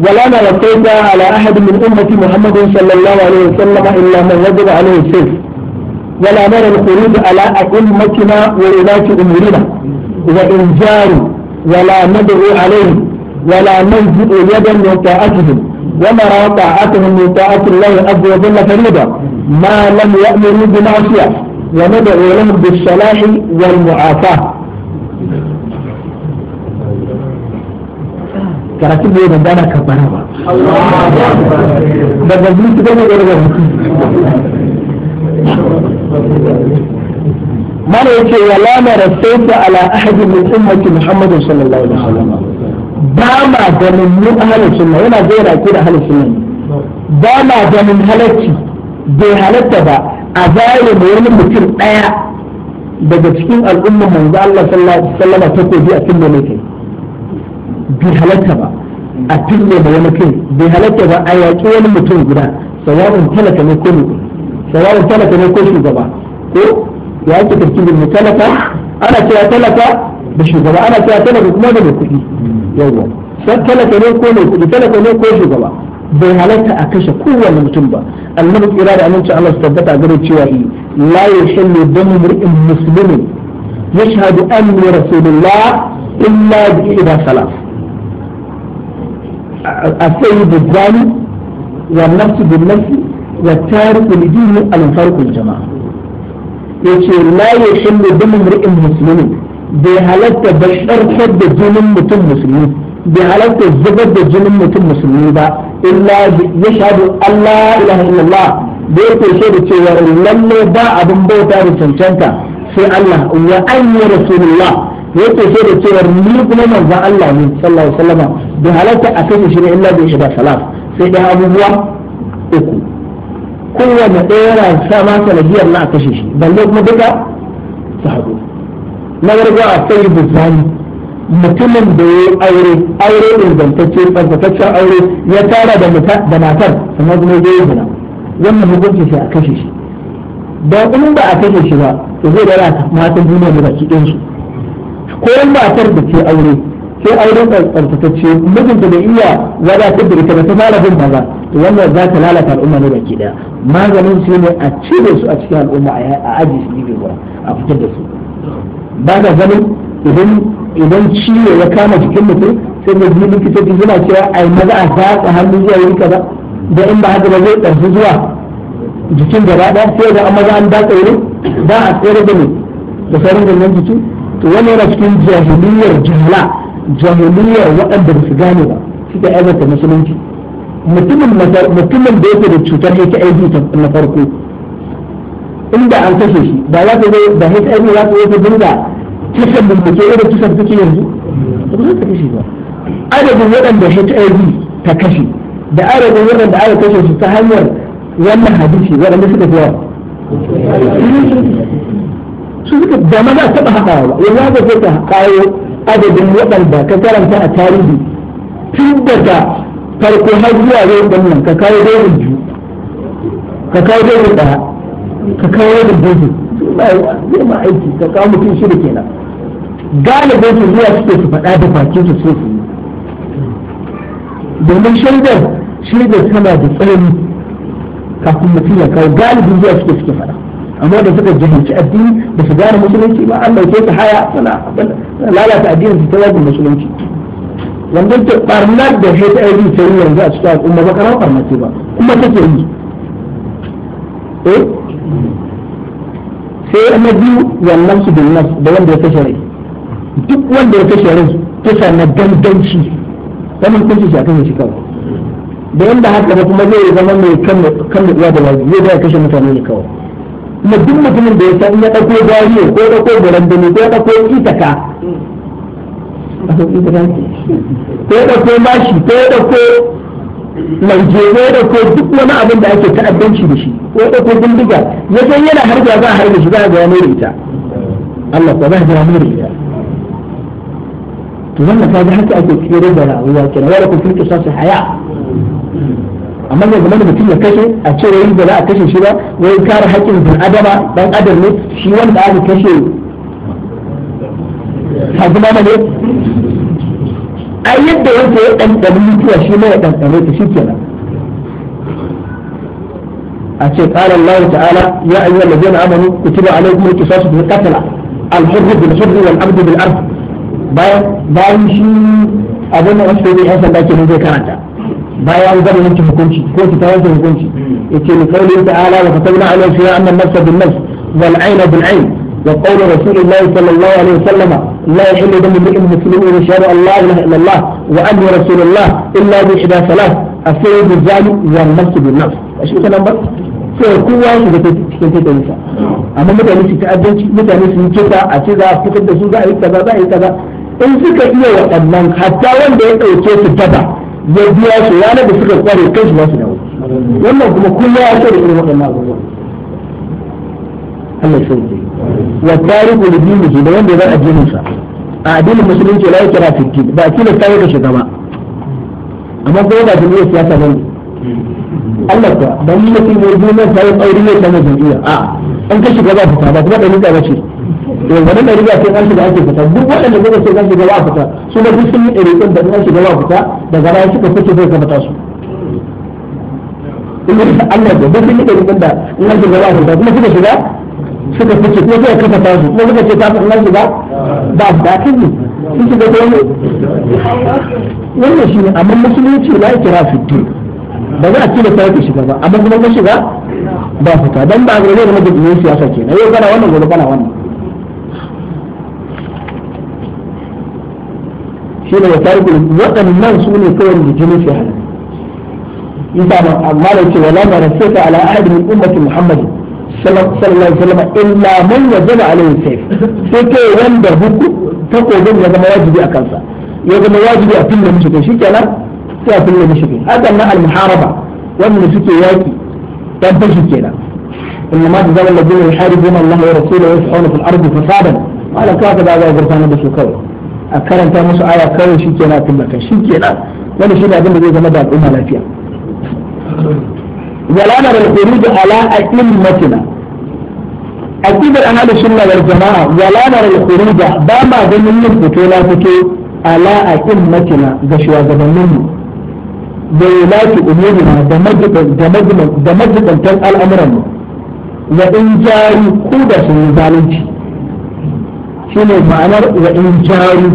ولا نلقيت على أحد من أمة محمد صلى الله عليه وسلم إلا من وجب عليه السيف ولا نرى الخروج على أئمتنا وولاة أمورنا وإن جاروا ولا ندعو عليهم ولا ننزع يدا من طاعتهم وما رأى طاعتهم من طاعة الله عز وجل فريضة ما لم يأمروا بمعصية وندعو لهم بالصلاح والمعافاة كراسي بيه بندانا كبارا بندان بيه بندانا ما لا يتي ولا على أحد من أمة محمد صلى الله عليه وسلم ba ma ganin mu ahalin nan, yana gaira aqida ahalin nan, ba ma ganin halacci bai halatta ba a zare da wani mutum ɗaya daga cikin al'umma manzo Allah sallallahu alaihi ta koyi a cikin mai kai bai halatta ba a tunne da wani kai bai halatta ba a yaƙi wani mutum guda sawa'un talaka ne ko mutum talaka ne ko shugaba ko ya ake tafkirin talaka ana cewa talaka da shugaba ana cewa talaka kuma da mai kuɗi yawwa sai talaka ne ko mai kuɗi talaka ne ko shugaba bai halatta a kashe kowane mutum ba annabi tsira da aminci Allah su tabbata gare cewa yi la yahillu damu mur'in muslimin yashhadu anna rasulullah illa bi ida salaf السيد الزاني والنفس بالنفس والتارك لدينه الفرق الجماعه يقول لا يحل دم امرئ مسلم bai halatta ba ɗarfar da jinin mutum musulmi bai halatta zubar da jinin mutum musulmi ba illa ya shaɗu Allah ilaha illallah da ya kunshe da cewa lalle ba abin bauta da cancanta sai Allah wa anyi rasulullah ya kunshe da cewa ni kuma manzon Allah ne sallallahu alaihi wasallam bai halatta a kan shi ne illa bai shi ba salat sai dai abubuwa uku kowanne ɗaya yana sa ma sanadiyar na a kashe shi balle kuma duka su na farko a sai buzani mutumin da ya aure aure ingantacce tsaftataccen aure ya tara da matar sannan kuma ya yi zina wannan hukunci sai a kashe shi don in ba a kashe shi ba to zai dara matan duniya da baki ɗinsu ko in matar da ke aure sai auren tsaftatacce mijinta da iya wadatar da ita ba ta fara bin maza to wannan za ta lalata al'umma ne baki daya maganin su ne a cire su a cikin al'umma a aji su gefe a fitar da su ba ka ganin idan idan ciwo ya kama jikin mutum sai da biyu likitoci suna cewa ai maza a sa hannu zuwa wuri kaza da in ba haka ba zai ɗarfi zuwa jikin gaba ɗaya sai da amma za an datsa wurin ba a tsere da ne da sauran gangan jiki to wani yana cikin jahiliyar jihala jahiliyar waɗanda ba su gane ba suka aibata musulunci mutumin da yake da cutar yake ta na farko inda an kashe shi ba za ta zai da HIV za ta zai dinga kisan bincike irin kisan suke yanzu ba za ta kashe ba adadin waɗanda HIV ta kashe da adadin waɗanda aka kashe su ta hanyar wannan hadisi waɗanda suka fi yawa su suka da ma za taɓa haɗawa ba yanzu haka sai ka kawo adadin waɗanda ka karanta a tarihi tun daga farko har zuwa yau ɗan nan ka kawo dogon dai ka kawo dogon ɗaya ka kawo da gefe zai ma aiki ka kawo mutum ke kenan galibin su zuwa suke su faɗa da bakin su sai su yi domin shaidar shaidar tana da tsanani kafin mutum ya kawo galibin zuwa suke suke faɗa amma da suka jahilci addini da su gane musulunci ba an dauke ta haya suna lalata addinin su ta wajen musulunci wanda ta barnar da HIV ta yi yanzu a cikin al'umma ba karamar barnar ce ba kuma take yi eh sai na biyu wannan su bin nas da wanda ya kashe rai duk wanda ya kashe rai kisa na ganganci wani kunci shi akan shi kawai da yanda haka da kuma zai zama mai kan da da wajen zai da kashe mutane ne kawai kuma duk mutumin da ya san ya dauko gariyo ko dauko barandani ko dauko itaka ko dauko mashi ko dauko Najeriya da ko duk wani abin da ake ta'addanci da shi ko da ko bindiga ya san yana harba za a harba shi za a ga ya mere ita Allah ko za a ga ya mere ita to wannan kaga haka ake tsere da rayuwa kenan wala ku fil qisas haya amma ne zaman mutum ya kashe a ce wai ba za a kashe shi ba wai kare haƙƙin bin adama dan adam ne shi wanda aka kashe hazuma ne ai yadda wanda ya ɗanɗani mutuwa shi ma ya ɗanɗane ta shi kenan a ce ƙara Allah ta'ala ya ayyuhal ladina amanu kutiba alaykum al-qisasu bil qatl al-hurr bil hurr wal 'abd bil 'abd bayan bayan shi abin da wasu ne yan sanda ke zai karanta bayan gaba yanke hukunci ko ta yanke hukunci yace ni qawli ta'ala wa katabna alayhi fiha anna an-nafsa bin-nafs wal aina bin aina. وقول رسول الله صلى الله عليه وسلم لا يحل دم امرئ مسلم ان شهر الله اله الا الله واني رسول الله الا باحدى ثلاث السيد بالظالم والنفس بالنفس اشي كلام بس sai kowa ya shiga cikin tattalinsa amma mutane su ta'addanci mutane su yi kisa a ce za a da su a yi a yi in suka iya waɗannan hatta wanda ya ɗauke su taba ya biya su ranar da suka kware kai su ba su dawo wannan kuma kuma ya ce da irin waɗannan abubuwan Allah shi wa tariku li dinihi da wanda ya addinin sa a addinin musulunci la yakra fi ba kila tayi da shiga ba amma ko ba da niyyar siyasa bane Allah ka dan ni mutum ne dinin sai aure ne ta mazuciya a an ka shiga ba ba kuma da nika bace to wanda da riga sai an shiga ake fita duk wanda da sai an shiga ba fita su da duk sun irin da an shiga ba fita daga ran suka fice sai ka fita su Allah da duk sun irin da an shiga ba fita kuma suka shiga suka fice kuma suka kafa tasu kuma suka ce tasu kuma ba ba da kini sun shiga ta wani wannan shi ne amma musulunci la kira fitin ba za a kila ta yake shiga ba amma kuma ka shiga ba fita dan ba a gare da majalisar siyasa kenan yau kana wannan gobe kana wannan shi ne ya tarihi waɗannan su ne kawai da jini fi halatta. Isa ma amma da cewa lamar sai ta ala ahadin ummatin Muhammadin sallallahu alaihi wasallam illa man yajma alaihi sayf sai kai wanda huku takobin ya zama wajibi a kansa ya zama wajibi a fille mishi kai shikenan sai a fille mishi kai hakan na al-muharaba wanda suke yaki dan fashi kenan إنما جزاء الذين يحاربون الله ورسوله ويسعون في الأرض فسادا قال كاتب هذا غرفان بس كوي أكرم تامس آية كوي شيكينا كلها شيكينا ولا شيء بعدين بيجي زمان الأمة لا فيها ولنا الخروج على أئمتنا أكيد أهل السنة والجماعة ولنا الخروج بما ضمن الفتولات على أئمتنا غشوا زمننا بولاك أمورنا دمجد تل الأمر وإن جاري كودة سنزالنشي شنو معنى وإن جاري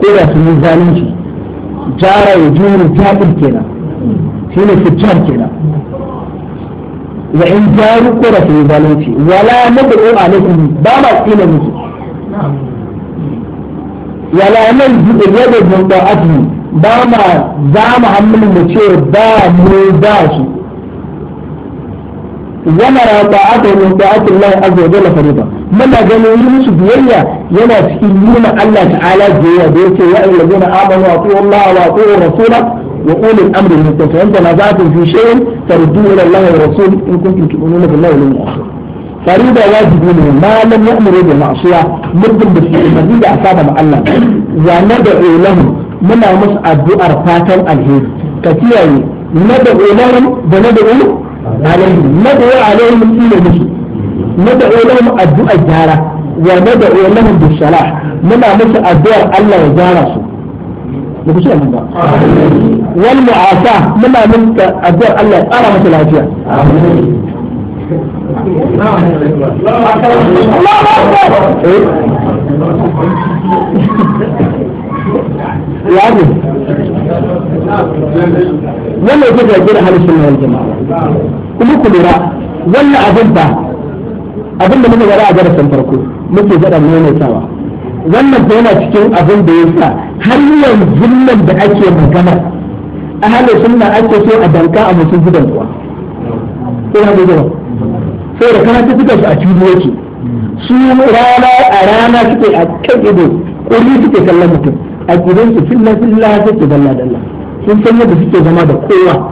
كودة سنزالنشي جارة يجور جابر كنا شنو فجار كنا wa in jaru ko da su zalunci wala nad'u alaikum ba ma tsina musu wala nan jiɗe yadda zamba aji ba ma za mu hannun da ce ba mu ba su wani rata a aka yi da ba'atun lai a zai azza fari ba mana ganin yi musu biyayya yana cikin nuna Allah ta'ala biyayya da yake ya ayyuhallazina amanu a tsohon lawa a tsohon rasulat وأولي الأمر منكم فإن تنازعتم في شيء فردوه إلى الله والرسول إن كنتم تؤمنون بالله واليوم الآخر فريضة واجب منه ما لم يأمر بالمعصية مدن بالسلم مدن أصاب مع الله وندعو لهم منا مس الدعاء فاتن الهيد كثيرا ندعو لهم بندعو عليهم ندعو عليهم إلى مسلم ندعو لهم الدعاء جارة وندعو لهم بالصلاح منا مس الدعاء الله يجارسوا والمعافاة لما منك أداء الله أرى ما لا يعني ولا يجب أن يجب أهل السنة والجماعة كله كل راء ولا أبنبا أبنبا من وراء جرس انتركوه مثل جرس مين يتاوه wannan ko yana cikin abin da ya sa har yanzu nan da ake magana a halin sunna ake so a danka a musu gidan kuwa ko na da sai da kana ta fita su a fili yake su rana a rana suke a kan ido kulli suke kallon mutum a gidan su filla filla suke dalla dalla sun san yadda suke zama da kowa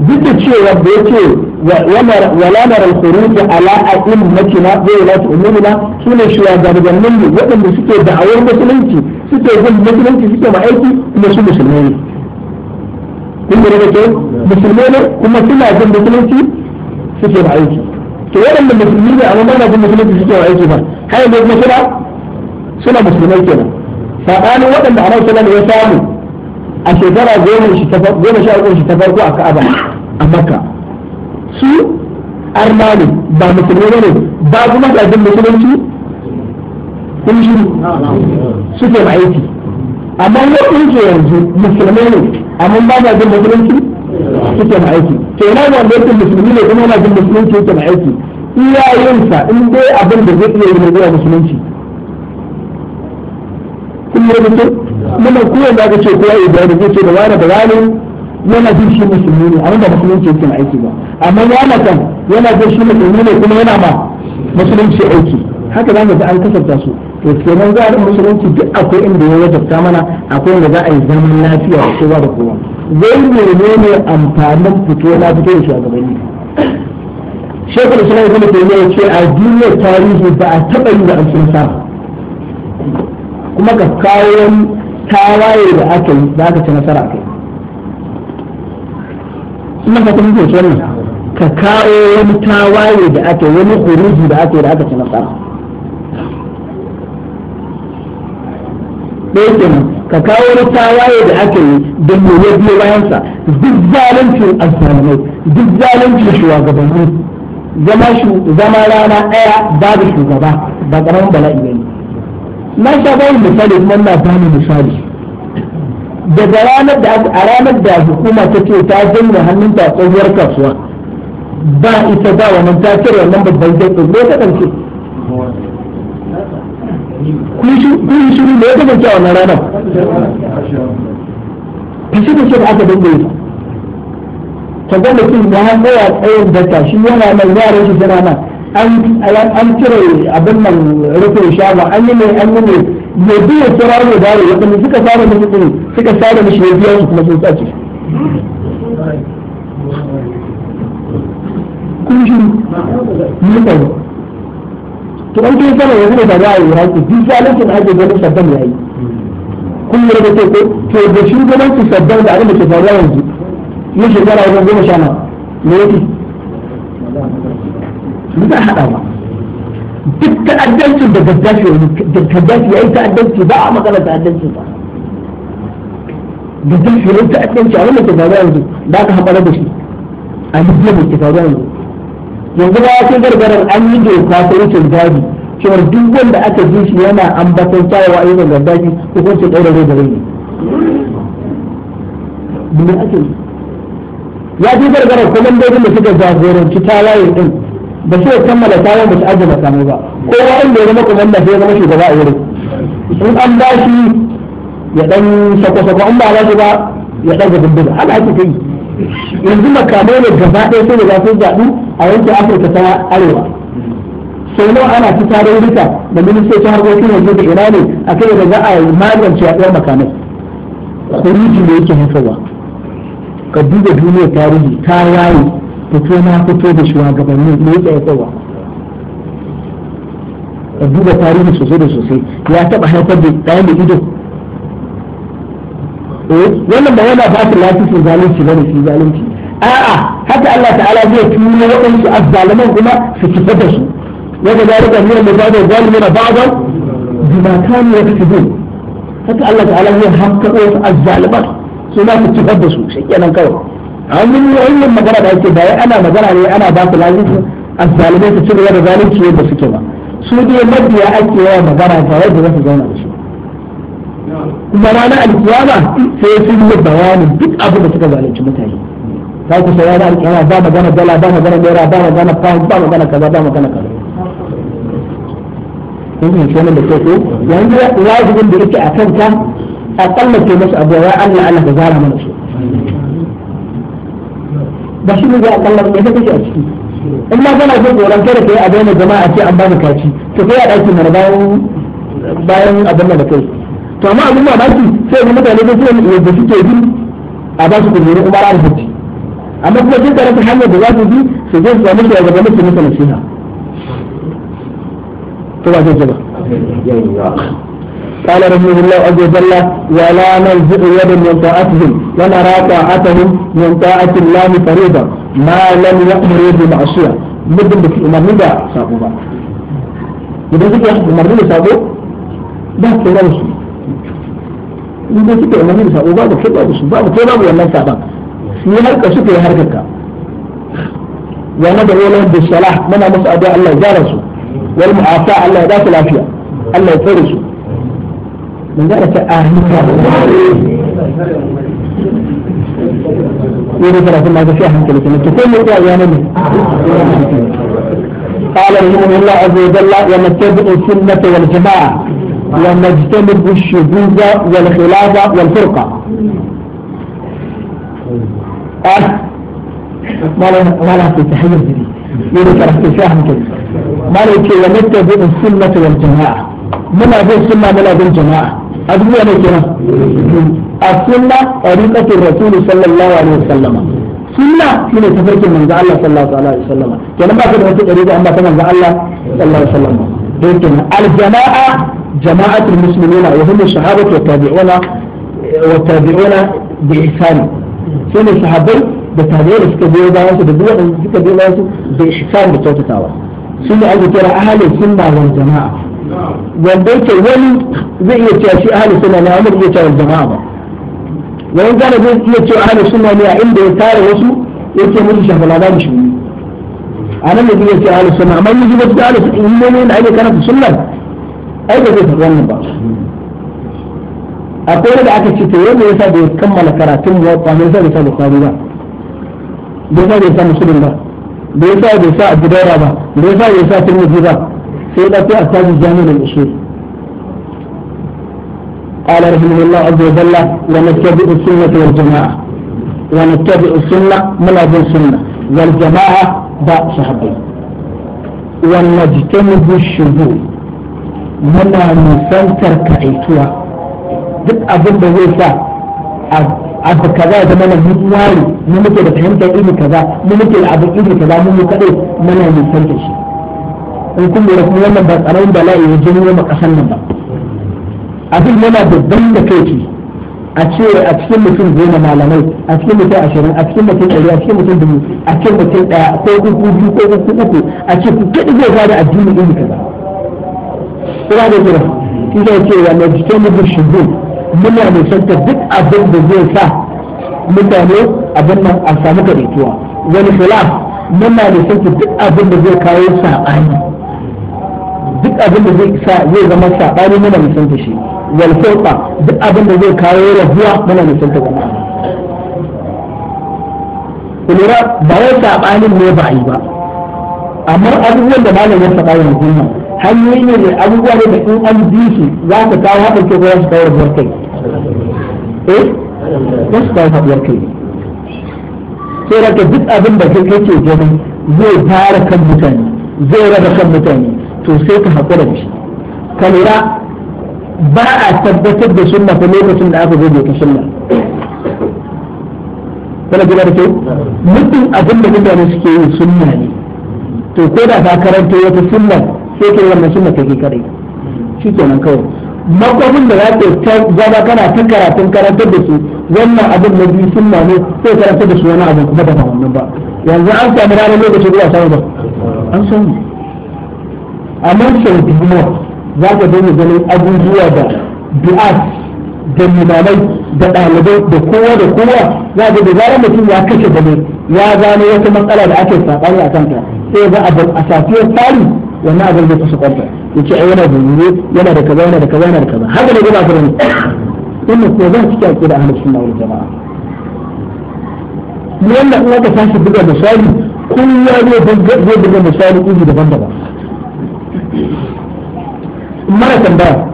duk da cewa da yake wala naral khuruj ala a'immatina wa ulati umurina sune shugabannin mu waɗanda suke da'awar musulunci suke gun musulunci suke ma aiki kuma su musulmai ne kun da ke musulmai ne kuma suna gun musulunci suke ma aiki to waɗanda musulmi ne amma ba gun musulunci suke ma aiki ba kai ne kuma suna suna musulmai kenan sabanin waɗanda a sallallahu alaihi wasallam ya samu a shekara goma sha uku shi ta farko a ka'aba a makka su arna ne ba musulmi ba ne ba kuma gajin musulunci kun shi suke ma aiki amma yau ke yanzu musulmi ne amma ba gajin musulunci suke ma aiki ke na ga wanda musulmi ne kuma yana jin musulunci suke ma aiki iyayensa in dai abin da zai iya yi ne musulunci kun yi Kuma kuwa da aka ce kowa ibrahim zai ce da wani da wani yana jin shi musulmi ne a wanda musulunci yake aiki ba amma yana kan yana jin shi musulmi ne kuma yana ma musulunci aiki haka za mu ga an kasafta su to kenan za a musulunci duk akwai inda ya wajabta mana akwai inda za a yi zaman lafiya da kowa da kowa zai menene ne amfanin fito na fito da shugabanni shekul islam kuma taymiya ce a duniyar tarihi ba a taba yi da an sa kuma ka kawo tawaye da aka yi da aka ci nasara kai ina fata muke wannan ka kawo wani tawaye da aka yi wani kuruji da aka yi da aka ci nasara ɗaya nan ka kawo wani tawaye da aka yi da mu ya biyo bayansa duk zalincin alfahamai duk zalincin shugabanni zama rana ɗaya babu shugaba ba ƙaramin bala'i ne na sha bayan misali kuma na bani misali daga ranar da a ranar da hukuma ta ce ta janye hannun ta tsohuwar kasuwa ba ita ba wannan ta cire wannan babban jatsi ne ta ɗauke kun shiru ne ta ɗauke wannan ranar kashi da shi da aka dinga ta gwamnati da hannu ya tsayin ta shi yana mai yaran shi suna nan an cire abin nan rufe shago an yi mai an yi mai ya kira ne da ya kuma suka fara mishi din suka fara mishi ya biya su kuma sun sace kun shi to an kai sana yanzu da za a yi haƙi duk zalincin ake ganin sabbin ya yi kun yi ko to da shugabancin sabbin da abin da ke faruwa yanzu na shekara wajen goma sha nawa yake ba haɗa ba duk ta'addancin da gaddafi gaddafi ba a magana ta'addanci ba gaddafi yayi a wannan ke faruwa yanzu da aka da shi a libya mai ke faruwa yanzu yanzu ba ya ce gargarar an yi doka ta wucin gadi cewar duk wanda aka ji shi yana ambaton tsayawa ayyukan gaddafi hukuncin ɗaura da rai ne ya ce gargarar kwamandodin da suka jagoranci tawaye din. basu sai kammala kayan ba su ajiye makamai ba kowa inda ya zama komanda sai ya zama shugaba a wurin in an ba shi ya dan sako-sako an ba shi ba ya ɗaga bindiga haka ake kai yanzu makamai ne gaba ɗaya sai da za su zaɓi a yankin afirka ta arewa sau nawa ana ta tarin rika da ministocin harkokin waje da ina ne a kai da za a magance yaɗuwar makamai kuriji ne yake haifarwa ka duba duniyar tarihi ta yayi fito na fito da shugabanni ne tsaye tsawa A duba tarihi sosai da sosai ya taba haifar da ɗaya da ido eh, wannan ba yana ba su lafifin zalunci ba da su zalunci a'a haka Allah ta'ala zai turo waɗansu azzaluman kuma su kifa da su wanda ya riga ne da zai zalimi na ba'dan bima kanu yaksubun haka Allah ta'ala zai hakka wasu azzaluman su ma su kifa da su shekenan kawai an yi yin magana da ake bayan ana magana ne ana ba su lalinsu a zalimai su cigaba da zalunci yadda suke ba su dai mabiya ake yawa magana ba yadda za su zauna da shi kuma ranar alkiyama sai sun yi bayanin duk abin da suka zalunci mutane za ku sai ranar alkiyama ba magana dala ba magana naira ba magana pound ba magana kaza ba magana kaza kun fahimci wannan da ke ko yanzu wajibin da yake a kanka akalla ke masu abuwa ya Allah Allah ka zara mana shi. da shi ne za a kallon ne kake a ciki in ma kana jin tsoron kada kai a daina jama'a ce an bani kaci to kai a daki mana bayan bayan abin da kai to amma abin mamaki sai ne mutane da suke da suke bi a ba su kujeru kuma da hajji amma kuma jin tare ta hanyar da za su bi su je su samu shi a gaba mutum mutum na to ba zai ji قال رحمه الله عز وجل ولا ننزع يد من طاعتهم ونرى طاعتهم من طاعة الله فريضة ما لم يأمر بمعصية مدن بك أمر دا سابو مدن بك أمرني دا سابو دا كيرا مسلم مدن بك أمرني دا سابو بابو كيرا مسلم بابو كيرا مسلم والله سابا في هركة سكي هركة وندعو لهم بالصلاح منا مسأل الله يجارسوا والمعافاة الله يدافع العافية الله يفرسوا من ذلك أهمية يريد رسول الله في أهم كلمة تكون يا يمني قال رحمه الله عز وجل ونتبع السنة والجماعة ونجتنب الشذوذ والخلاف والفرقة قال ما لا في تحيز دي يريد رسول فهم كلمة ما لا يكي ونتبع السنة والجماعة منا ذو السنة منا ذو الجماعة abubuwa ne kenan as-sunna tariqatul rasul sallallahu alaihi wasallam sunna shine tafarkin manzo Allah sallallahu alaihi wasallam kenan ba ka da wata tariqa amma ta manzo Allah sallallahu alaihi wasallam dai kenan al-jama'a jama'atul muslimina wa hum sahabatu wa tabi'una wa tabi'una bi ihsan shine sahabbai da tabi'ai da suka biyo bayan su da duk waɗanda suka biyo bayan su da ihsan da kyautatawa sunna ake kira ahlus sunna wal jama'a wanda yake wani zai iya cewa shi ahalin suna ne amma iya cewa jama'a ba wani gane zai iya cewa ahalin suna ne a inda ya tare wasu yake musu shafa labarin shi a nan da zai iya cewa ahalin suna amma yanzu ahalin suna yi ne da ake karanta sunan ai ba zai wannan ba akwai da aka ce to yadda yasa bai kammala karatun ya kwame yasa bai sa bukari ba bai sa bai sa musulun ba bai sa bai sa abu daura ba bai sa bai sa turmuzi ba فيما في أستاذ الجامع المشهور قال رحمه الله عز وجل ونتبع السنة والجماعة ونتبع السنة ملاذ السنة والجماعة باء صحبي ونجتنب الشذوذ من نسنتر كأيتوا دب أبن بويسا أب كذا إذا من نبوالي نمتل بحمتة إذن كذا نمتل أبن إذن كذا نمتل من نسنتر شذوذ in kun lura kuma wannan ba tsaron bala'i ya janyo ma ƙasar nan ba abin yana babban da kai a ce a cikin mutum goma malamai a cikin mutum ashirin a cikin mutum ɗari a cikin mutum dubu a cikin mutum ɗaya ko uku biyu ko uku uku a ce ku kaɗi zai ba da addini ɗin kaza ina da jira shi zai ce wa mai jikin mutum shigo muna nisanta duk abin da zai sa mutane abin nan a samu kaɗaituwa wani khilaf muna nisanta duk abin da zai kawo saɓani duk abin da zai sa zai zama saɓani muna nisanta shi wal fawqa duk abin da zai kawo zuwa muna nisanta kuma. kulura ba wai saɓanin ne ba yi ba amma abubuwan da malam ya saɓa yin nan hanyoyi ne da abubuwa ne da in an bi su za ka kawo haɗin ke ko su kawo rabuwar kai eh za su kawo rabuwar kai sai da duk abin da kai kake gani zai fara kan mutane zai raba kan mutane to sai ka haƙura da shi ka lura ba a tabbatar da sunna ta lokacin da aka zo da sunna kana gina da kyau mutum abin da mutane suke yi sunna ne to ko da ka karanta wata sunna sai ka yi wannan sunna kake kare shi kenan kawai makwabin da za ta zama kana ta karatun karantar da su wannan abin na biyu sunna ne sai karantar da su wani abin kuma da ba wannan ba yanzu an samu ranar lokacin da ya samu ba an samu amma sau biyu za ka dinga ganin abubuwa da du'at da limamai da ɗalibai da kowa da kowa za ka da zarar mutum ya kashe gane ya gano wata matsala da ake saɓani a kanta sai za a safiyar fari wannan abin zai kusa kwanta ya ce ai yana da yure yana da kaza yana da kaza yana da kaza haka ne gaba fara ne wannan ko zan ciki ake da ahlus sunna wal jamaa wannan in aka tashi buga misali kowa zai buga misali iri daban-daban mara tambaya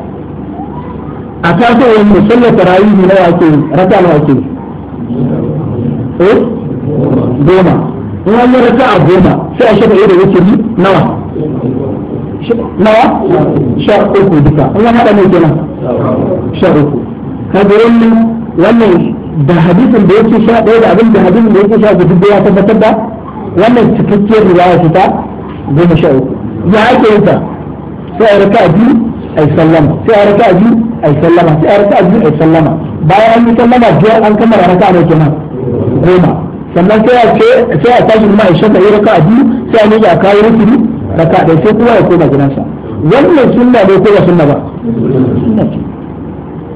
a kasuwar mu sallar ne na wake raka na wake eh goma in an yi raka a goma sai a shafa da wake ni nawa nawa sha uku duka in an haɗa mai gina sha uku kaga wannan wannan da hadisin da yake sha ɗaya da abin da hadisin da yake sha gudu da ya tabbatar da wannan cikakkiyar riwaya ta goma sha uku ya ake yin ta sai a raka biyu ai sallama sai a raka biyu ai sallama sai a raka biyu ai sallama bayan an yi sallama biyar an kammala raka ne kenan goma sannan sai a ce sai a tashi ma aisha da raka biyu sai a miƙa a rukuni raka sai kowa ya koma gidansa wannan sunna ne ko ba sunna ba sunna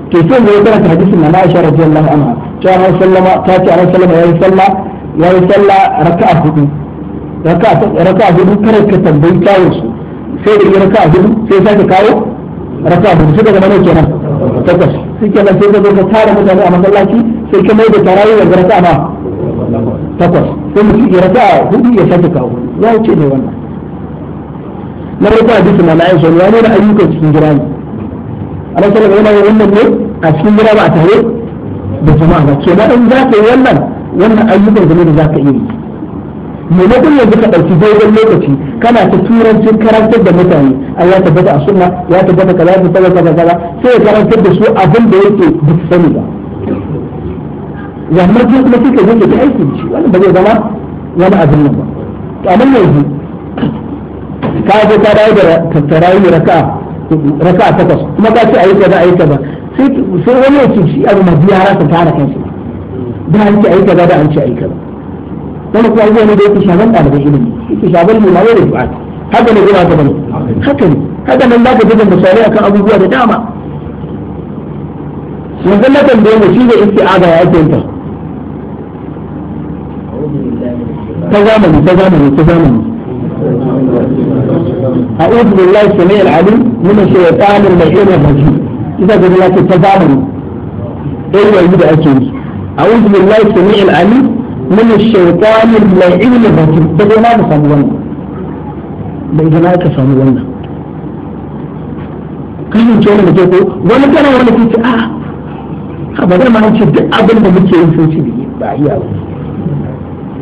ce to sai mu hadisin na Aisha radiyallahu anha ta ran sallama ta ce ran sallama yayi yayi raka'a hudu raka'a raka'a hudu kare ka tambayi tawus sai da yi raka'a hudu sai sake kawo raka a hudu sai daga mana kenan takwas sai kenan sai ka zo ka tara mutane a masallaci sai ka mai da tarawih da raka'a ma takwas sai mutum ya a hudu ya sake kawo ya wuce ne wannan na farko a jikin malayan sauri ya nuna ayyukan cikin jira ne a nan sanar yana wannan ne a cikin jira ba a tare da jama'a ba ke na ɗan za ka yi wannan wannan ayyukan game da za ka iya yi maimakon yanzu ka ɗauki dogon lokaci kana ta turancin karantar da mutane a ya tabbata a suna ya tabbata kaza da kaza kaza kaza sai ya karantar da su abin da yake ba su sani ba wannan kuma kuma kike yin da aiki da shi wannan ba zai zama wani abin nan ba to amma yanzu ka je ka dawo da tattarayi raka'a raka'a takwas kuma ka ce ayi kaza ayi ba sai wani ya ce shi abu ma biya rasa tara kansa da an ce ayi kaza da an ce ayi ba. wani kuma zai ne da yake shaban ɗalibai ilimi yake shaban limaye da du'a haka ne ina ta bane haka ne haka nan za ka gina misali akan abubuwa da dama yanzu na tambaye mu shi da aga ya ake ta ta zamani ta zamani ta zamani أعوذ بالله السميع العليم من الشيطان اللعين الرجيم إذا قلت yi. التزامن أيوة يبدأ أكيد أعوذ بالله السميع العليم min shaytan al-la'in al na ka samu na ka samu wannan kan ce ke ko wani kana wani ke a ba zai ma ce duk abin da yin sun ci ba iya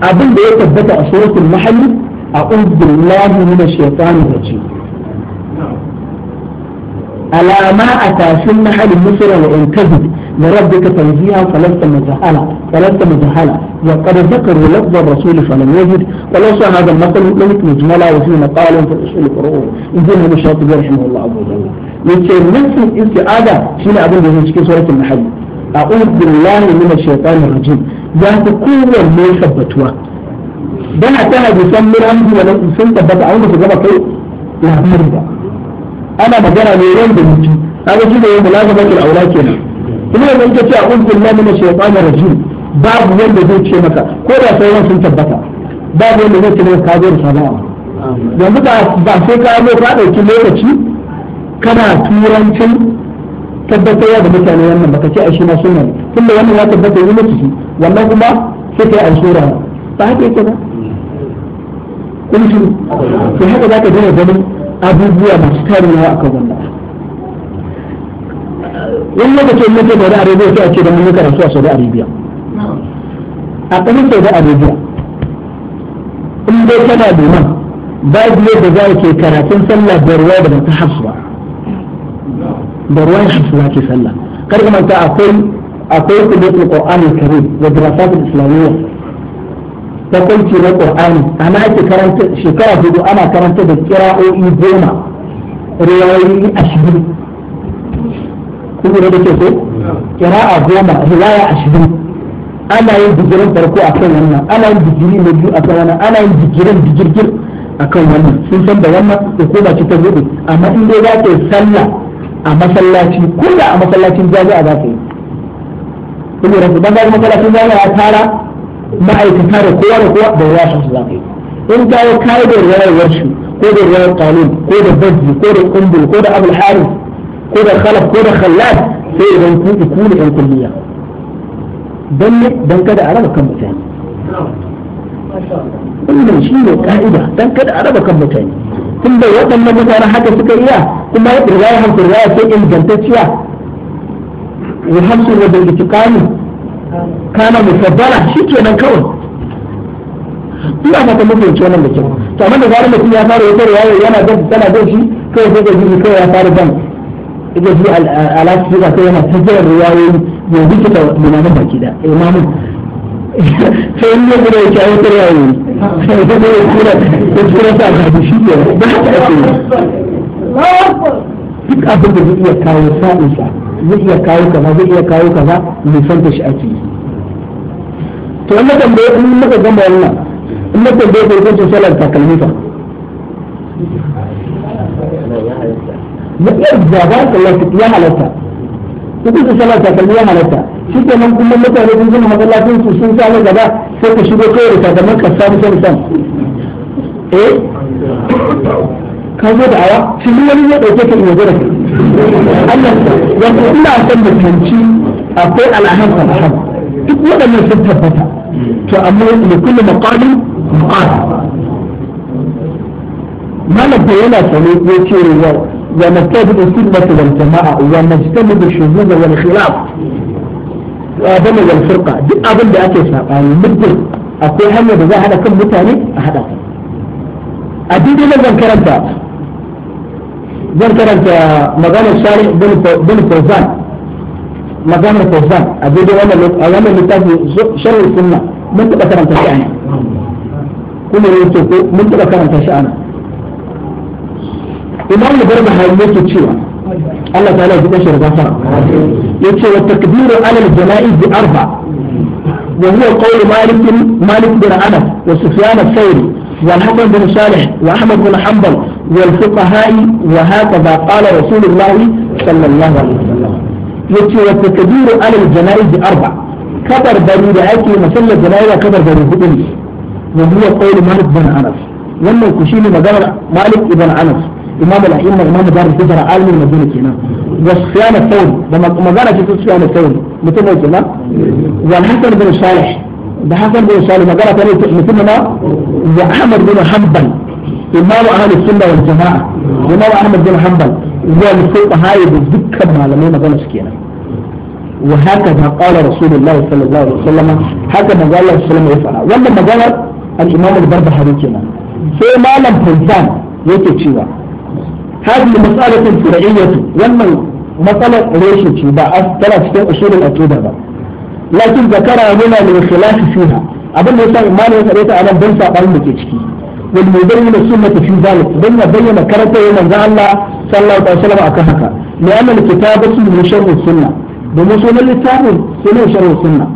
ba ya tabbata a suratul mahalli a billahi min ash alama a tashin mahalin musra wa in لربك تنزيها فلست مجهلا فلست مجهلا وقد ذكر لفظ الرسول فلم يجد ولو صار هذا المثل ملك مجملا وفي مقال في الاصول الفروع يقول هذا الشاطبي رحمه الله ابو وجل يقول نفس الاستعاده شنو ابو يزيد في سوره النحل أعوذ بالله من الشيطان الرجيم ذات قوة من ثبتوا دنا تنا بسم من أمد ولا إنسان تبت أعوذ بجبا كي لا مرد أنا مجرى نيران بمجي هذا جدا يوم تبكي الأولاد كده kuma yanzu yake cewa un billahi mana shaitanir rajim babu wanda zai ce maka ko da sauran sun tabbata babu wanda zai ce maka ka zo da sana'a yanzu ba sai ka zo ka dauki lokaci kana turancin tabbatarwa da mutane wannan baka ce a shi na tun da wannan ya tabbata yi musu shi wannan kuma sai kai yi sura ba haka yake ba kun shi to haka zaka dinga ganin abubuwa masu tarewa akan in lokacin nake Saudi Arabia sai a ce da mun karatu a Saudi Arabia a ƙasar Saudi Arabia in dai kana ba babu yadda za ke karatun sallah da ruwa da ta hafsu ba da ruwan hafsu ke sallah kar ka manta akwai akwai kudutul qur'ani karim wa dirasatul islamiyya ta kwanci na qur'ani ana ake karanta shekara hudu ana karanta da kira'o'i goma riwayoyi ashirin kuma da ke so kira'a goma riwaya ashirin ana yin digirin farko a kan wannan ana yin digiri na biyu a kan wannan ana yin digirin digirgir a kan wannan sun san da wannan hukuma ce ta gudu amma in dai za ta yi sallah a masallaci kulla a masallacin jami'a za ta yi kuma da kuma zai masallacin jami'a ya tara ma'aikata da kowa da kowa da ruwa su za ta yi in ta yi kayi da ruwayar ko da ruwayar kanun ko da bajji ko da kumbul ko da abul haris ko da khalaf ko da khallaf sai idan ku ku ne ɗan kulliya dan ne dan kada a raba kan mutane wannan shi ne ka'ida dan kada a raba kan mutane tun da waɗannan mutane haka suka iya kuma ya riwaya han riwaya sai ingantacciya wa hamsu da bai itikani kana musabbara nan kawai ina fata ce wannan da kyau to amma da zarar mutum ya fara wata riwaya yana da tana da shi kawai sai ga jini kawai ya fara ban ita ji alaƙi ba sai yana tafiyar ruwayoyi yanzu kita limamin baki da imamin sai yin yau da yake aiwatar yawo sai ya zama ya tura ya tura sa ga shi ne ba ta ake yi duk abin da zai iya kawo sa'insa zai iya kawo kaza zai iya kawo kaza nisanta shi ake yi to in muka gama wannan in muka salar takalmi mutsar jaban kallon ya halatta kudu su sallar takalmi ya halatta shi ke nan kullum mutane sun zama masallacin su sun sa gaba sai ka shigo kawai da takalmin ka samu san san eh ka zo da awa shi ne wani zai dauke ka yanzu da kai Allah wato ina son mutunci akwai al'aham al'aham duk waɗannan sun tabbata to amma da kullu maqalin maqal malam yana sane ya ce riwaya ونتخذ السنة والجماعة ونجتنب الشذوذ والخلاف وأبنى الفرقة دي أبنى أكي ساقاني يعني مدد أقول هم يبقى هذا كم متاني أحدا أدي دي لذن كرمتا ذن كرمتا مغانا الشارع بن فوزان مغانا فوزان أدي أديد أولا لتاجي شر السنة من تبقى كرنتا شأنا كل يوم من تبقى كرمتا شعنا imam da hayy yake cewa Allah ta'ala ya shi Ya ce wa takbiru alal al-jana'iz bi arba wa huwa qawl malik malik bin anas wa sufyan al-thawri wa hasan bin salih wa ahmad bin hanbal wal fuqaha wa hakaza qala rasulullah sallallahu alaihi wasallam ce wa takbiru alal al-jana'iz bi arba kabar bari da ake masallar jana'iza kabar bari hudu ne wa huwa qawl malik bin anas wannan ku shine maganar malik ibn anas إمام الأئمة إمام دار الهجرة عالم المدينة كنا وسفيان الثوري لما ما قال كيف سفيان الثوري مثل ما كنا والحسن بن صالح ده حسن بن صالح ما قال ثاني مثل ما وأحمد بن حنبل إمام أهل السنة والجماعة إمام أحمد بن حنبل والفقهاء بذكر ما لم يمكن سكينا وهكذا قال رسول الله صلى الله عليه وسلم هكذا قال الله صلى الله عليه وسلم يفعل ولما قال الإمام البربحاري كنا في مالم فلسان يكتشفه هذه مسألة فرعية ومن مسألة ريشتي بقى ترى في أصول العقيدة بقى لكن ذكر هنا من الخلاف فيها أبن يسأل ما يسأل أنا بنسى قلبك يشكي والمبين السنة في ذلك بين بين كرته من الله صلى الله عليه وسلم أكهك لأن الكتاب اسمه شر السنة بمسؤول الكتاب سنة شر السنة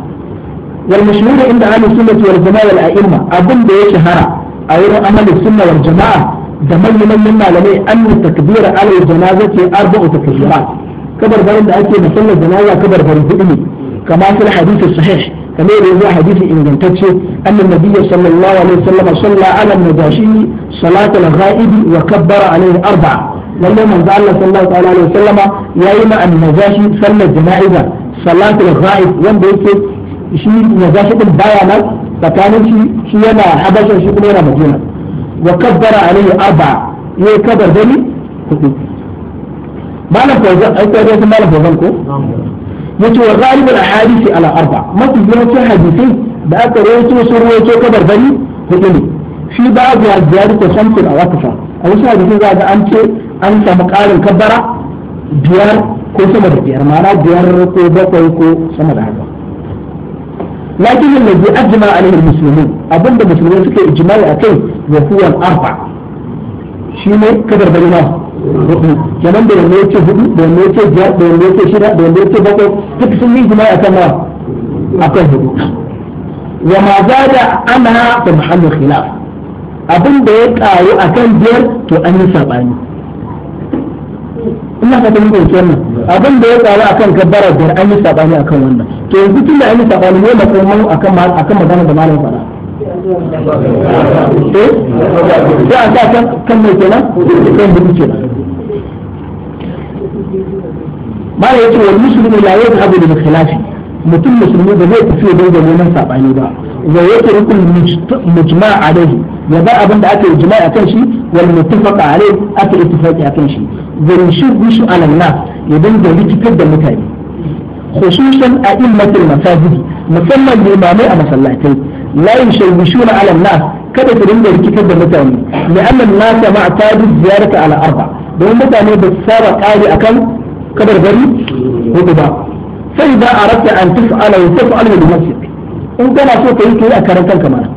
والمشهور عند أهل السنة والجماعة الأئمة أبن بيش هرى أو أمل السنة والجماعة da manyan malamai an takbira alal janazati arba'u takbirat kabarbarin da ake musallar janaza kabarbarin hudu ne kama fil hadith sahih kamar da zuwa hadisi ingantacce annan nabiyyi sallallahu alaihi wasallam salla ala najashi salatul ghaibi wa kabbara alaihi arba'a lalle manzo Allah sallallahu alaihi wasallam yayi ma annajashi sallar janaza salatul ghaib wanda yake shi najashi din baya nan tsakanin shi shi yana habashin shi kuma yana madina وكبر عليه أربعة إيه يكبر كبر ما لم فوزان أي تاريخ ما لم فوزان كو غالب الأحاديث على أربعة ما تجيوتي حديثين بأك رويتو سرويتو كبر ذلي هدني في بعض زيادة خمس أو أو شيء هذا أنت أنت مقال كبرة ديار ko sama da biyar ديار biyar ko bakwai lakin alladhi ajma alaihi almuslimun abinda musulmai suka ijma'i akai wa huwa al-arba shine kadar bari na hudu kenan da wanda yake hudu da wanda yake biyar da wanda yake da wanda yake bakwai duk sun yi ijma'i akan ma akan hudu wa ma zada ana fa abinda ya biyar to an yi saɓani. ina ka ta mutunci kenan abin da ya tsara akan gabbara da an yi sabani akan wannan to yanzu tun da an yi sabani ne mako makomau akan akan magana da malam fara to eh? ya a sa kan kan mai kenan kan buɗi kenan malam yace wal muslimu la yadhhabu bil khilafi mutum musulmi da zai tafi da da nan sabani ba wa yake rukun mujma' alaihi ya bar abin da aka yi jima'i kan shi wal muttafaqa alaihi aka ittifaqi kan shi wa yushibbu shu ala nas ya dinga rikitar da mutane khususan a immatul masajid musamman limamai a masallatai la yushawwishuna ala nas kada su dinga rikitar da mutane li'anna an-nas ma'tadu ziyarata ala arba don mutane ba su saba kare akan kadar gari hudu ba sai da arabta an taf'ala wa taf'ala bil masjid in kana so ka yi kai a karan kanka mana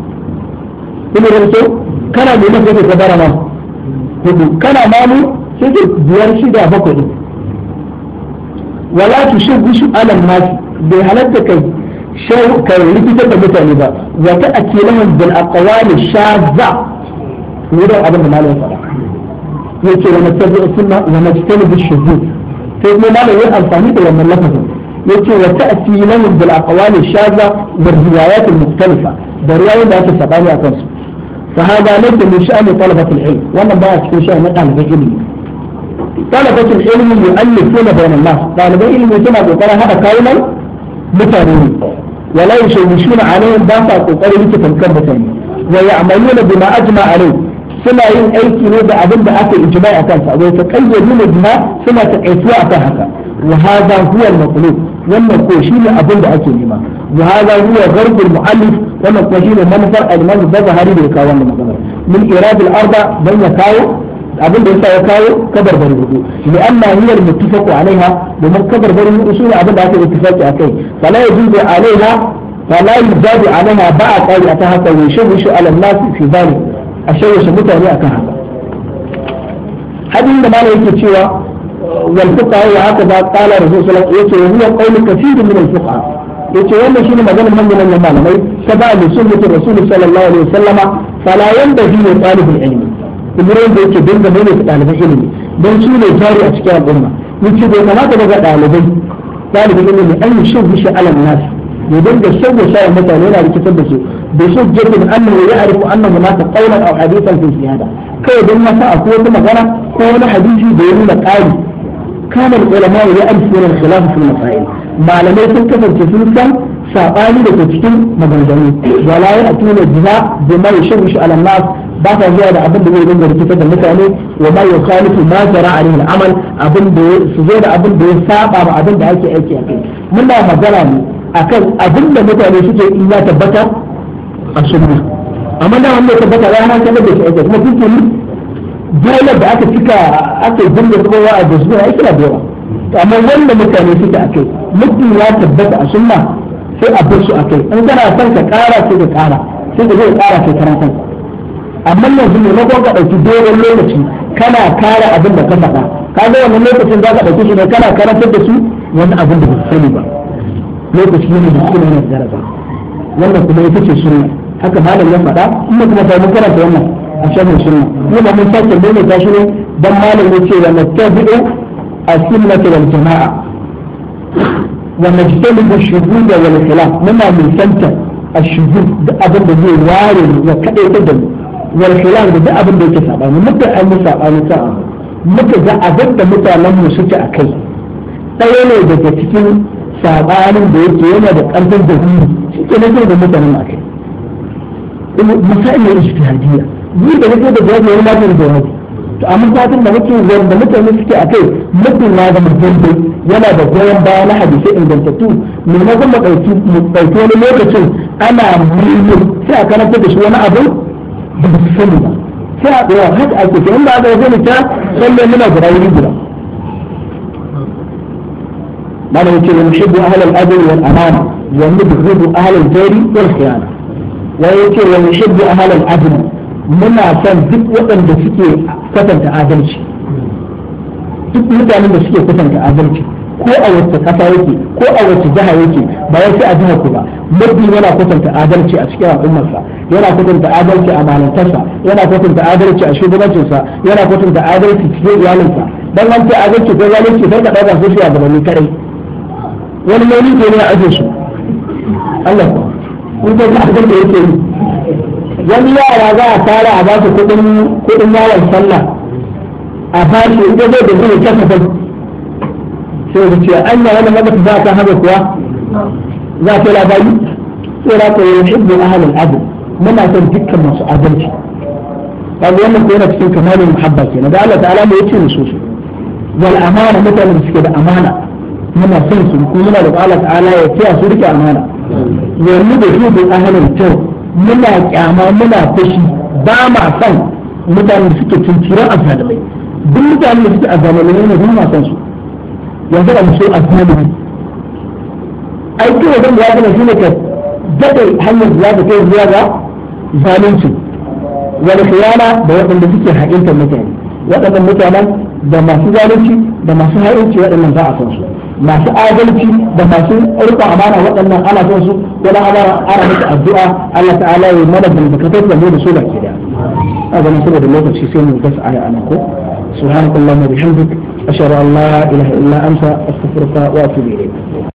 kuma da so kana da masjid ka fara ma hudu kana mamu sai ka biyar shida bakwai din wala tushibbu shu'alan nas bai halatta kai shau ka rikitar da mutane ba wa ta akilan bil aqwali shadza wurin abin da malamin faɗa yace wa nattabi'u sunna wa najtanibu shuhud sai kuma malamin amfani da wannan lafazin yace wa ta'ti lahum bil aqwali shaza bil riwayat al mukhtalifa da riwayoyin da ake sabani a kansu fa hada laysa min sha'ni talabat al ilm wannan ba cikin sha'ni dalibai ilimi talabat al ilm yu'allifuna bayna an-nas dalibai ilimi suna kokarin hada kawunan mutane ne wala yashawishuna alaihim ba sa kokarin likitan kan mutane wa ya'maluna bima ajma alaihim suna yin aiki ne da abin da aka ijma'i a kansa wai ta kayyadu ne bima suna ta takaituwa akan haka wa hadha huwa al-maqlub wannan ko shine abin da ake nema wa hadha huwa gharb al-mu'allif wannan ko shine manufar al-imam Bukhari da ya kawo wannan magana min irad al-arba dan ya kawo abin da yasa ya kawo kabar bari hudu li anna hiya al-muttafaq alaiha domin kabar bari hudu shine abin da aka ittifaqi akai fala yajibu alaiha fala yuzadu alaiha ba'a qali ta haka wa shubu shu al-nas fi zalik a shawarce mutane akan haka hadin da malai yake cewa wal fuqaha wa haka ba qala rasulullah yace wa huwa qawlu kathirun min al fuqaha yace wannan shine maganar manyan malamai ta ba da sunnatu rasul sallallahu alaihi wasallama fala yanda li talibul ilmi kuburin da yake dinga mai da ɗaliban ilimi don su ne jari a cikin al'umma yace bai kamata daga ɗalibai ɗalibin ilimi an yi shan bishi alam nasu ya dinga shago shawo mutane yana rikitar da su bai so jirgin annahu ya arifu annahu naka qawlan aw hadithan fi ziyada kai don masa akwai wata magana ko wani hadisi da ya nuna ƙari kana ulama ya arifu al khilaf fi masail malamai sun kasance sun san sabani da ke cikin maganganu wala ya atuna biha bima yashwishu ala nas ba ta zuwa da abinda da zai dinga rikitar da mutane wa ma yukhalifu ma jara alaihi al-amal abin su zo da abinda ya saba ba abin da ake aiki a kai muna magana ne akan abin da mutane suke in ya tabbata a sunna amma da wanda tabbata ya hana kan da shi aiki kuma kun kun dole da aka cika aka dinga wa a dusu sunna ya kira dole amma wanda mutane suke akai mutum ya tabbata a sunna sai a bar su akai in kana son ka kara sai ka kara sai ka zai kara sai karanta kanka amma yanzu ne na ka dauki dogon lokaci kana kara abin da ka faɗa ka ga wannan lokacin za ka dauki shi ne kana karantar da su wani abin da ba sani ba lokaci ne da kuma yana daraja wannan kuma ita ce sunna haka malam ya faɗa kuma kuma sai mun karanta wannan a shafin sunna kuma mun sake bayyana ta shi ne dan malam ya ce wannan tabi'u as-sunnah wal jama'a wa najtanibu ash-shuhud wal khilaf muna mun santa ash-shuhud da abin da zai ware ya kadai da mu wal khilaf da duk abin da yake sabani muka an mu sabani ta muka ga abin da mutanen mu suke akai ɗaya ne daga cikin sabanin da yake yana da karfin da zuri shi ke nake da mutanen akai misali ne ijtihadiyya ni da nake da jawabi wani ma da jawabi to amma fatin da nake da mutane suke akai mutum na da mutum yana da goyon baya na hadisi ingantattu me na zama dauki wani lokacin ana mulkin sai a karanta da shi wani abu da ba su sani ba sai a tsaya haka ake in ba ga wani ta sallan muna guda wuri guda ما لو يقول يحب أهل الأدل والأمانة ويبغض أهل الجري والخيانة ويقول يحب أهل العدل منا سن duk waɗanda suke kwatanta adalci duk mutanen da suke kwatanta adalci ko a wacce kasa yake ko a wacce jiha yake ba ya sai a jihar ku ba mutum yana kwatanta adalci a cikin al'ummarsa yana kwatanta adalci a malantarsa yana kwatanta adalci a shugabancinsa yana kwatanta adalci cikin iyalinsa dan an ce adalci ko zalunci sai ka dauka su shi a gabanin kadai wani mai rike ne a aje su Allah kun ga abin da yake yi wani yara za a tara a ba su kuɗin kuɗin yawon sallah a bashi in ga zai da zai kasafai sai da ce an yawon da mabata za kan haɗa kuwa za ta labari sai ra ko yin hibbu ahalul abu muna son dukkan masu adalci kaga wannan ko yana cikin kamalin muhabba kenan da Allah ta'ala ne yace musu wal amana mutanen da suke da amana muna son su kuma muna da Allah ta'ala ya kiya su rike amana yanzu da shi bin ahalin kyau muna kyama muna fashi ba ma son mutanen da suke cinciran azzalumai duk mutanen da suke azzalumai ne ba ma son su yanzu da musu azzalumai aiki kawai zan ya gina shi ne ka daɗe hanyar da za ta kai zuwa ga zalunci wani khiyana da waɗanda suke haƙintar mutane waɗannan mutanen da masu zalunci da masu haƙinci waɗannan za a san su masu adalci da masu rika amana waɗannan ana son su wala amara ana masa addu'a Allah ta'ala ya mana dangantakar da mu da su da ke da a ganin saboda lokaci sai mu gasa aya ana ko subhanakallahumma bihamdik ashhadu an la ilaha illa anta astaghfiruka wa atubu ilayk